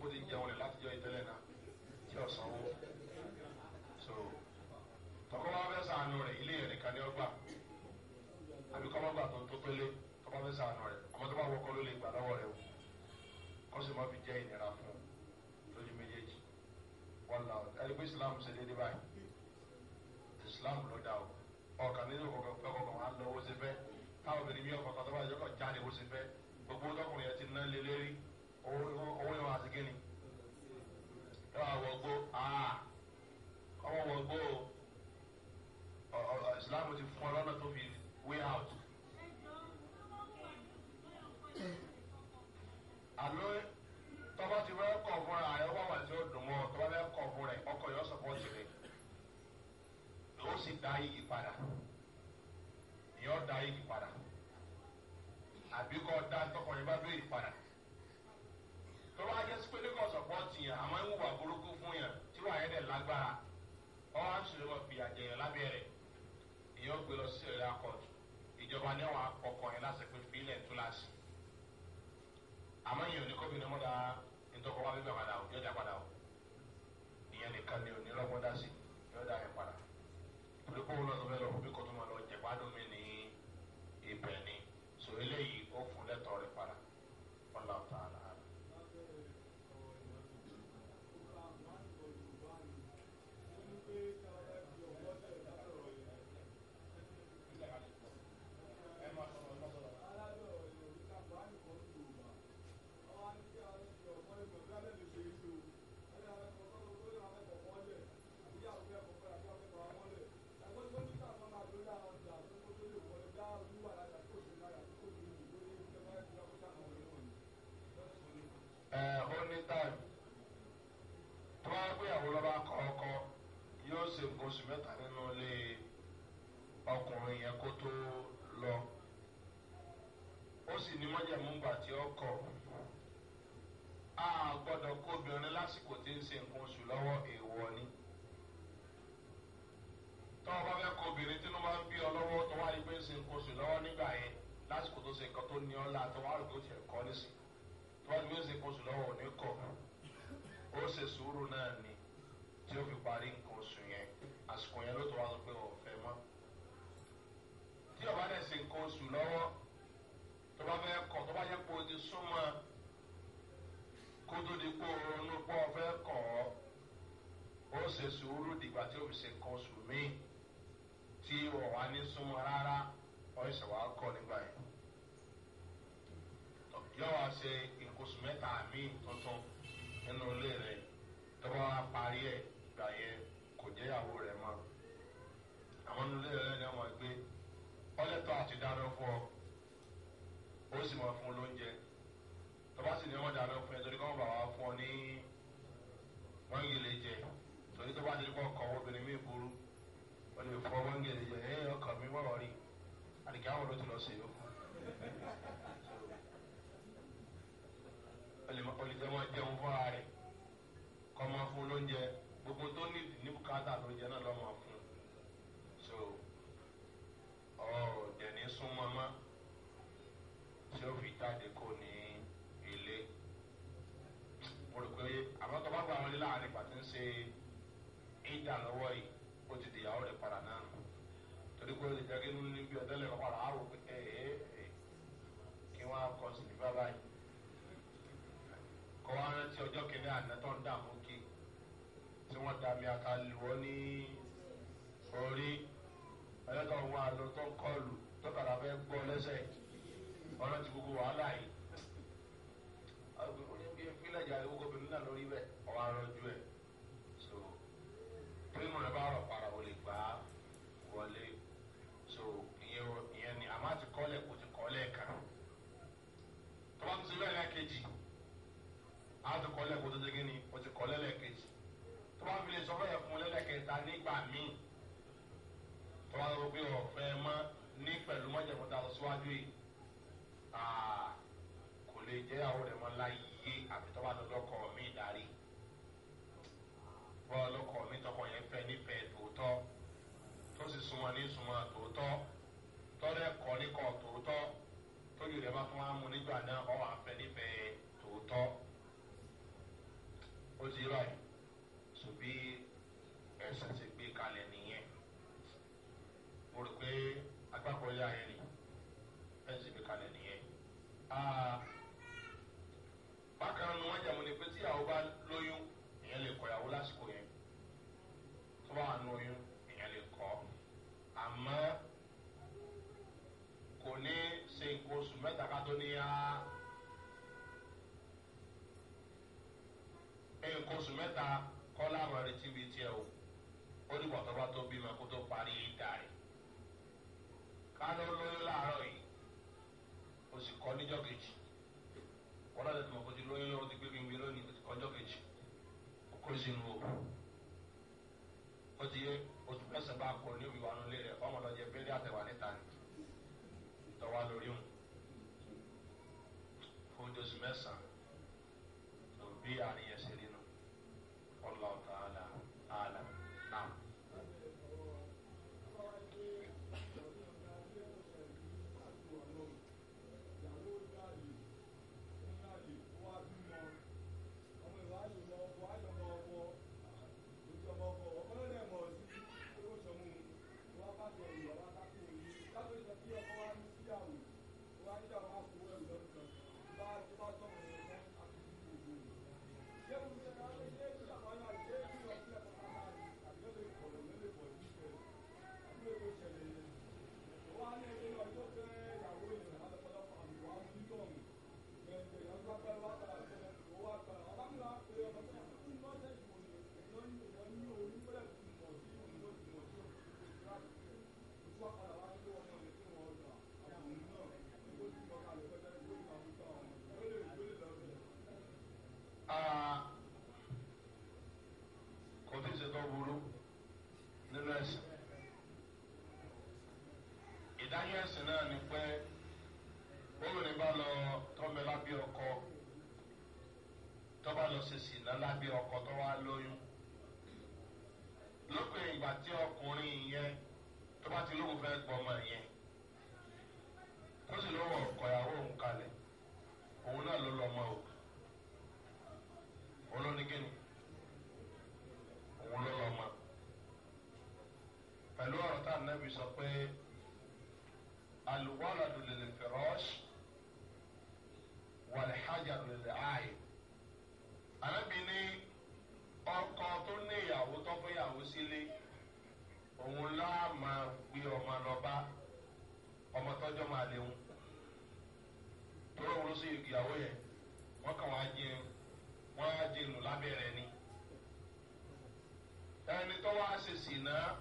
kó ti jẹun rẹ̀ láti jọ ìtẹ́lẹ̀ náà tí ò sanwó so tọkọ bá fẹ́ sàánú rẹ̀ ilé yẹn nìkan ni ó gbà àbí kọ́ bá gbà tó tó pélé tọkọ fẹ́ sàánú rẹ̀ ọmọ tó bá wọkọ́ ló lè gbà lọ́wọ́ rẹ̀ o kọ́ sì má fi jẹ́ ìnira fún lójú méjèèjì wọ́n la ẹni pé islam ṣe déédéé báyìí islam ló dá o ọkàn nínú ọkọ̀ ọkọ̀ wọn á lọ owó ṣe fẹ́ táwọn obìnrin mi ọkọ̀ kan tó bá yọkọ̀ jáde owó ṣe fẹ́ gbogbo tọkùnrin yẹn ti ná lé lérí owó yẹn wà sí kíni ẹ wà wọgbó ọmọ ah. wọgbó islam ti fún ọ lọ́nà tó fi way out. àlọ́ tọ́ba ti fẹ́ kọ̀ fúnra rẹ̀ wọ́n wà tí ó dùn mọ́ tọ́ba fẹ́ kọ̀ fúnra rẹ̀ ọkọ̀ yóò sọ̀pọ̀tì rẹ̀ ó sì dá yìí padà yóò dá yìí padà àbíkọ́ dá tọkọ̀ yẹn bá dó padà. lágbára ọwọ́ àṣírí wọn fi àjẹyàn lábẹ́ rẹ̀ èèyàn gbé lọ sí ìrẹ́lá kọ́ọ̀tù ìjọba ní àwọn akọkọ yẹn láti pé fílẹ̀ túláàsì àmọ́ yìí ò ní kóbìnrin mọ́ra tí ó kọ a gbọdọ̀ kó obìnrin lásìkò tí ń se nǹkan oṣù lọ́wọ́ èèwọ̀ ni tọ́ ọ bá fẹ́ kó obìnrin tí wọ́n bá ń bí ọ lọ́wọ́ tó wá rí pé ń se nǹkan oṣù lọ́wọ́ nígbà yẹn lásìkò tó se nǹkan tó ní ọ la tó wá rí pé ó tiẹ̀ kọ́ nísìn tó wá rí pé ń se nǹkan oṣù lọ́wọ́ ò ní kọ̀ ó se sùúrù náà ni tí ó fi parí nǹkan oṣù yẹn àsìkò yẹn ló tó wá sọ pé ò fẹ́ mọ́ tí ọba dẹ̀ se nǹkan oṣù lọ́wọ́ kó tó di kó ronú pọ́ fẹ́ kọ́ ó ṣe sùúrù dìgbà tí ó fi ṣe kan sùn mí tí ọ̀wá ní súnmọ́ rárá ọ̀ṣẹ̀ wàá kọ́ nígbà yẹn. yóò wá ṣe ìkóṣù mẹ́ta mí tuntun nínú ilé rẹ̀ tó bá wá parí ẹ̀ gbà yẹn kò jẹ́ ìyàwó rẹ̀ mọ́. àwọn nínú ilé rẹ̀ ni wọ́n gbé ọlẹ́tọ̀ àti dáná fún ọ ó sì mọ̀ fún lóúnjẹ tọ́ba sì ní wọ́n dáná fún ẹ torí kọ́ bá wa fún ọ ní wọ́n gèlè jẹ torí tọ́ba ti kọ́ ọkọ̀ obìnrin mi burú wọ́n lè fọ́ wọ́n gèlè jẹ ẹ ọkọ̀ mi wọ́n rí àdìgá àwọn ló ti lọ sí yòókù. olùjẹ́ wọn jẹun fún ara rẹ̀ kọ́ máa fún lóúnjẹ gbogbo tó ní ní bùkátà lóúnjẹ náà lọ́ máa fún so ọ̀ dẹ̀ ní sún mọ́mọ́ tí ó fi jáde jà lọ́wọ́ yìí ó ti di ìyàwó rẹ̀ padà náà torí pé olè jẹ́gẹ́ nínú níbi ọ̀tẹ́lẹ̀ ọ̀padà á rò pé ẹ̀ ẹ̀ kí wọ́n á kọ́ sí ní bábá yìí kọ́ wá rántí ọjọ́ kìíní àná tó ń dààmú kí tí wọ́n da mi aka lù ọ́ ní orí ẹlẹ́tọ̀ wọn àlọ́ tó ń kọlù tó kàrà fẹ́ gbọ́ lẹ́sẹ̀ ọ̀rọ̀ ti gbogbo wàhálà yìí. àwọn ìpínlẹ̀ ìjà ìwọ́gbọ̀n náà lórí bẹ́ẹ̀ ọ̀rọ̀ wá lọ pé ọ̀fẹ́ mọ́ ní pẹ̀lú mọ́jẹ̀mọ́ta lọ síwájú yìí kò lè jẹ́ àwọn rẹ̀ mọ́ láyé àfi tọ́ bá lọ lọ́kọ̀ mi darí bọ́ lọ́kọ̀ mi tọkọ yẹn fẹ́ nífẹ̀ẹ́ tòótọ́ tó sì súnmọ́ ní súnmọ́ tòótọ́ tọ́lẹ̀ kọ́ ní kọ́ tòótọ́ tóbi rẹ̀ bá fún wa mú nígbà náà ọ̀ wà fẹ́ nífẹ̀ẹ́ tòótọ́ ó ti yé báyìí. ta kọ́ láwọn retí bíi tiẹ̀ o ó ní wọ́n bá tó bímọ kó tó parí ìdá rẹ̀ ká ló lóyún láàárọ̀ yìí o sì kọ́ níjọ́ kejì wọ́n láti tẹ̀mọ̀ kó ti lóyún lọ́wọ́ ti gbé mi lónìí o ti kọ́ níjọ́ kejì o kó sínú o ó ti yé o tún fẹsẹ̀ bá a kọ ní òbí wa nílé rẹ̀ ọmọ lọ jẹ bẹ́ẹ̀lì àtẹ̀wà níta ni tọ́wá lórí òun fún oṣù mẹ́sàn-án òbí enough.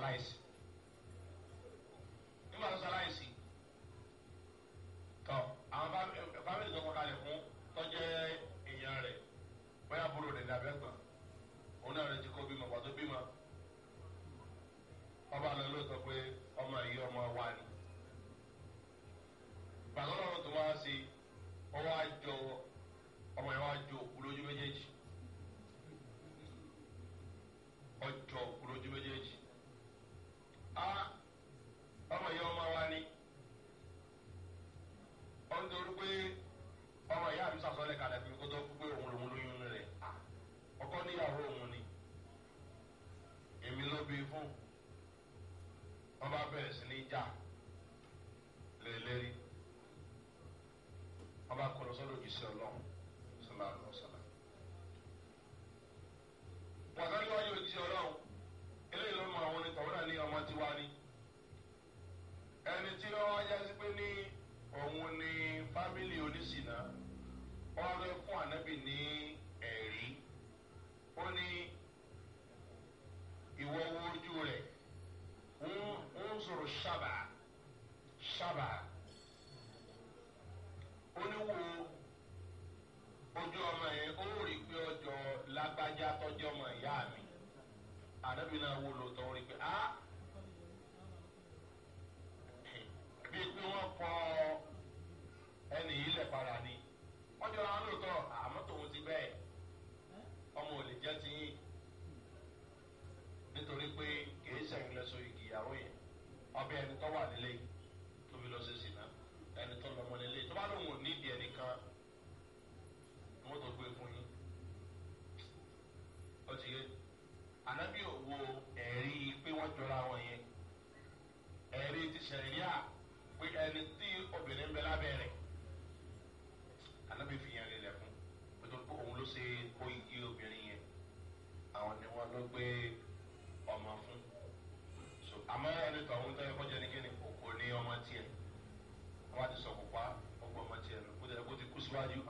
salaries sẹ̀ríà pé ẹni tí obìnrin bẹ lábẹ́ rẹ̀ anábì fi yẹn lélẹ̀ fún pé òun ló ṣe kó iye obìnrin yẹn àwọn ni wọn ló gbé ọmọ fún so àmọ́ ẹni tó àwọn tó yẹ kó jẹ ní kíni kò ní ọmọ tiẹ̀ wọ́n ti sọ kópa ọgbọ́n ọmọ tiẹ̀ lọ kó ti kú síwájú.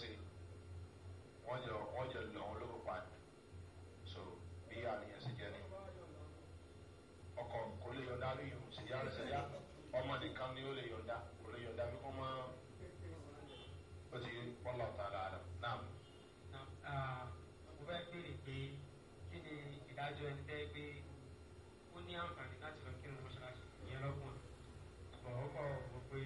ṣe wọ́n jẹ wọ́n jẹ lọ́wọ́ lóko pa ni so bí àníyàn ṣe jẹ ni ọkọ̀ kò lè yọ̀ǹda lóyún ṣèyá ṣèyá ọmọ nìkan ni ó lè yọ̀ǹda kò lè yọ̀ǹda bí kò mọ́ ó ti wọ́n lọ tààrà rẹ̀ náà. mo fẹ́ béèrè pé kí ni ìdájọ́ ẹni tẹ́ pé ó ní àǹfààní láti lọ kírun mọ́ṣáláṣí ìyẹn lọ́gbọ̀n ṣùgbọ́n ó kọ̀ wọ́n pé.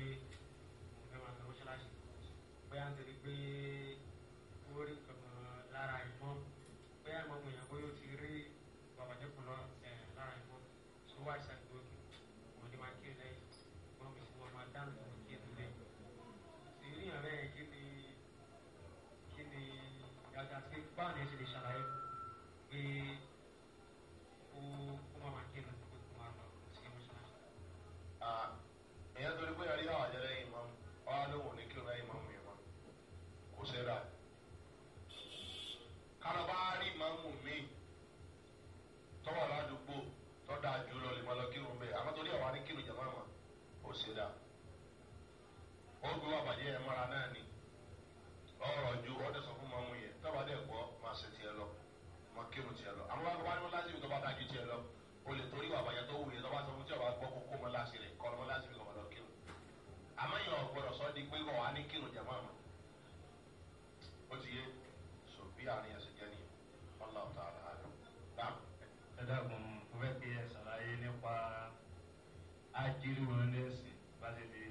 ká lè lè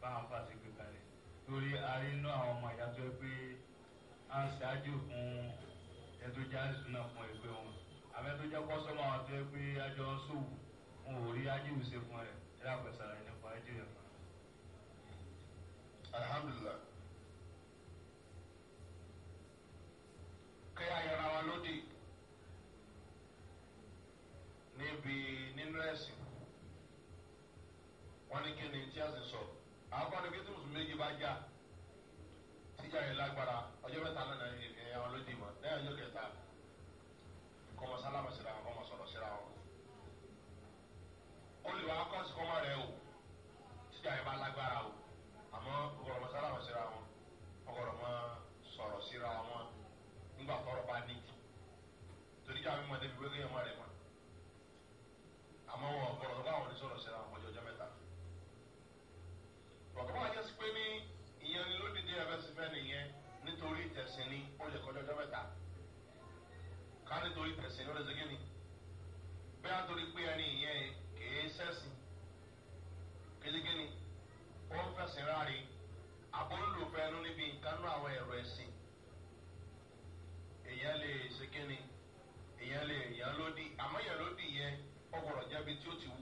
bá àwọn bá ṣe gbé kalẹ̀ torí a rí inú àwọn ọmọ ìyá tó yẹ pé à ń ṣáájú fún ẹtọ́jà ìṣúná fún ẹgbẹ́ wọn àmẹ́tọ́jà kọ́sọ́mọ́ àwọn tó yẹ pé àjọ sòwò wọn ò rí ajé òṣè fún rẹ̀ ẹ dàpọ̀ sàrẹ̀ nípa ajé rẹ̀ fún alhamdulilah kẹ́yà yẹra wa lódì níbi nínú ẹ̀sìn wọn ní kí ni tí a sì sọ àkọ́ni kí tí mùsùlùmí méjì bá jà tíjà yẹn lágbára ọjọ́ mẹ́ta lọ́nà ìyẹn àwọn ló dì mọ́ lẹ́yìn ọjọ́ kẹta kọ́mọ sálámà síra wọn kọ́mọ sọ̀rọ̀ síra wọn. olùwà akọ́sí kọ́mọ rẹ o tíjà yẹn bá lágbára o àmọ́ ọgọ́rọ̀ mọ sálámà síra wọn ọgọ́rọ̀ mọ sọ̀rọ̀ síra wọn nígbà tọ́rọ bá ní torí jà mímọ́ débi gbégbé yẹn mọ́ rẹ torí ẹ̀sìn ló lè ṣe kíni bóyá torí pé ẹni ìyẹn kìí sẹ́sìn kìí kíni ó ń fẹ̀sìn ráre àbólùfẹ́ ẹnu níbi ìkánú àwọn ẹ̀rọ ẹ̀sìn èèyàn lè ṣe kíni èèyàn lè èèyàn lódì àmọ́ èèyàn lódì yẹn ó gbọ́dọ̀ jẹ́bi tí ó ti wú.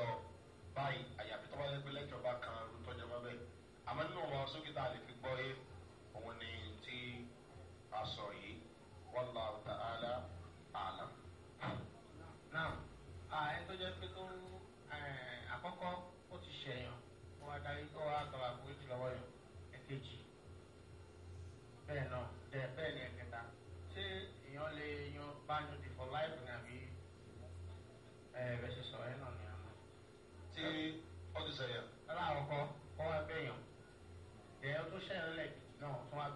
sọ̀rọ̀ báyìí àyàfi tó bá yẹ pé lẹ́jọ́ bá kan olùtọ́jọ́ bá bẹ́ẹ̀ àmọ́ nínú ọ̀wá sókè tá a lè fi gbọ́ yé òun ni tí a sọ yìí wọ́n la ọ̀tá àlá àlá. náà àyè tó jẹ́ pé tó àkọ́kọ́ ó ti ṣẹ̀yàn wọ́n adarí kọ́ wa tọ́ àforíjì lọ́wọ́ yàn ẹ̀kejì bẹ́ẹ̀ náà dẹ̀ bẹ́ẹ̀ ni ẹ̀kẹta ṣé èèyàn lè yan báyọ̀ dì for life nàbí versus tí wọ́n ti sọ̀yọ̀ aláàrọ̀ kan wọ́n wá bẹ̀yàn èèyàn tó ṣẹ̀yàn náà tó wá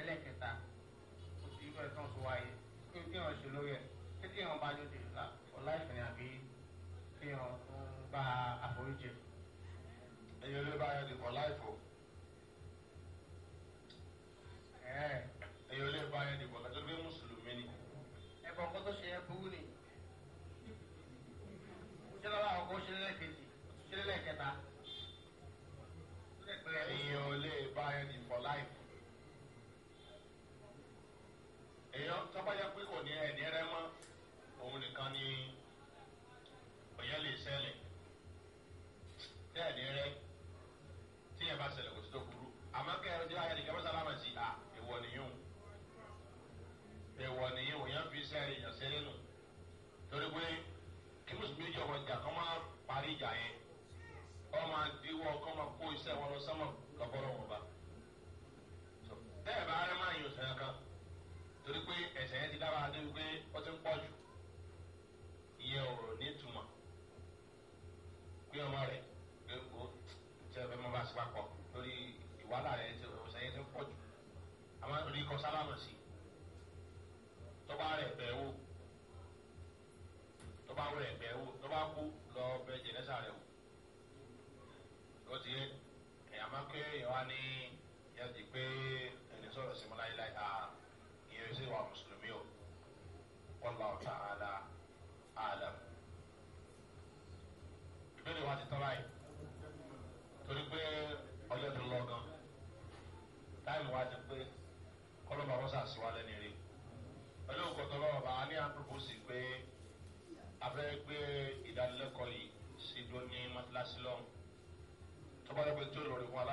ẹlẹ́kẹta kò sí irú tán tó wáyé kí ni kéèyàn ṣe lórí ẹ̀ kí kéèyàn bá lóde ìlà ọ̀la ìfẹ̀yìn àbí kéèyàn gba àforíjì. ẹyin olóyè bá yẹn dìbò láìfò. ẹyin olóyè bá yẹn dìbò kátó gbé mùsùlùmí ni. ẹ̀fọn kó tó ṣe ẹ burú ni. ó lọ́la parí ìjà yẹn ọmọ àdíwọ́ ọkọ máa kó iṣẹ́ wọn lọ sọ́mọ̀ lọ́bọ̀rọ̀ wọn bá bẹ́ẹ̀ bá ara máa yàn sọ̀rọ̀ kan torí pé ẹ̀sẹ̀ yẹn ti dábàá débi pé ó ti ń pọ̀ jù ìyẹn ọ̀rọ̀ nítumọ̀ pé ọmọ rẹ̀ pé kò tí ẹ fẹ́ máa bá a sí papọ̀ lórí ìwálà rẹ̀ ti ọ̀sẹ̀ yẹn ti ń pọ̀ jù àmọ́ rí kọ́ sálámù sí tọ́ba rẹ̀ sọ alẹ́ nìyẹn pẹ̀lú nǹkan tó lọ́wọ́ bá a ní àpòpọ̀ sí pé a fẹ́ gbé ìdánilẹ́kọ̀ọ́ yìí sí dún ní mọ́tíláṣí lọ́hùn tó bá dẹ́ pé tó lórí wọn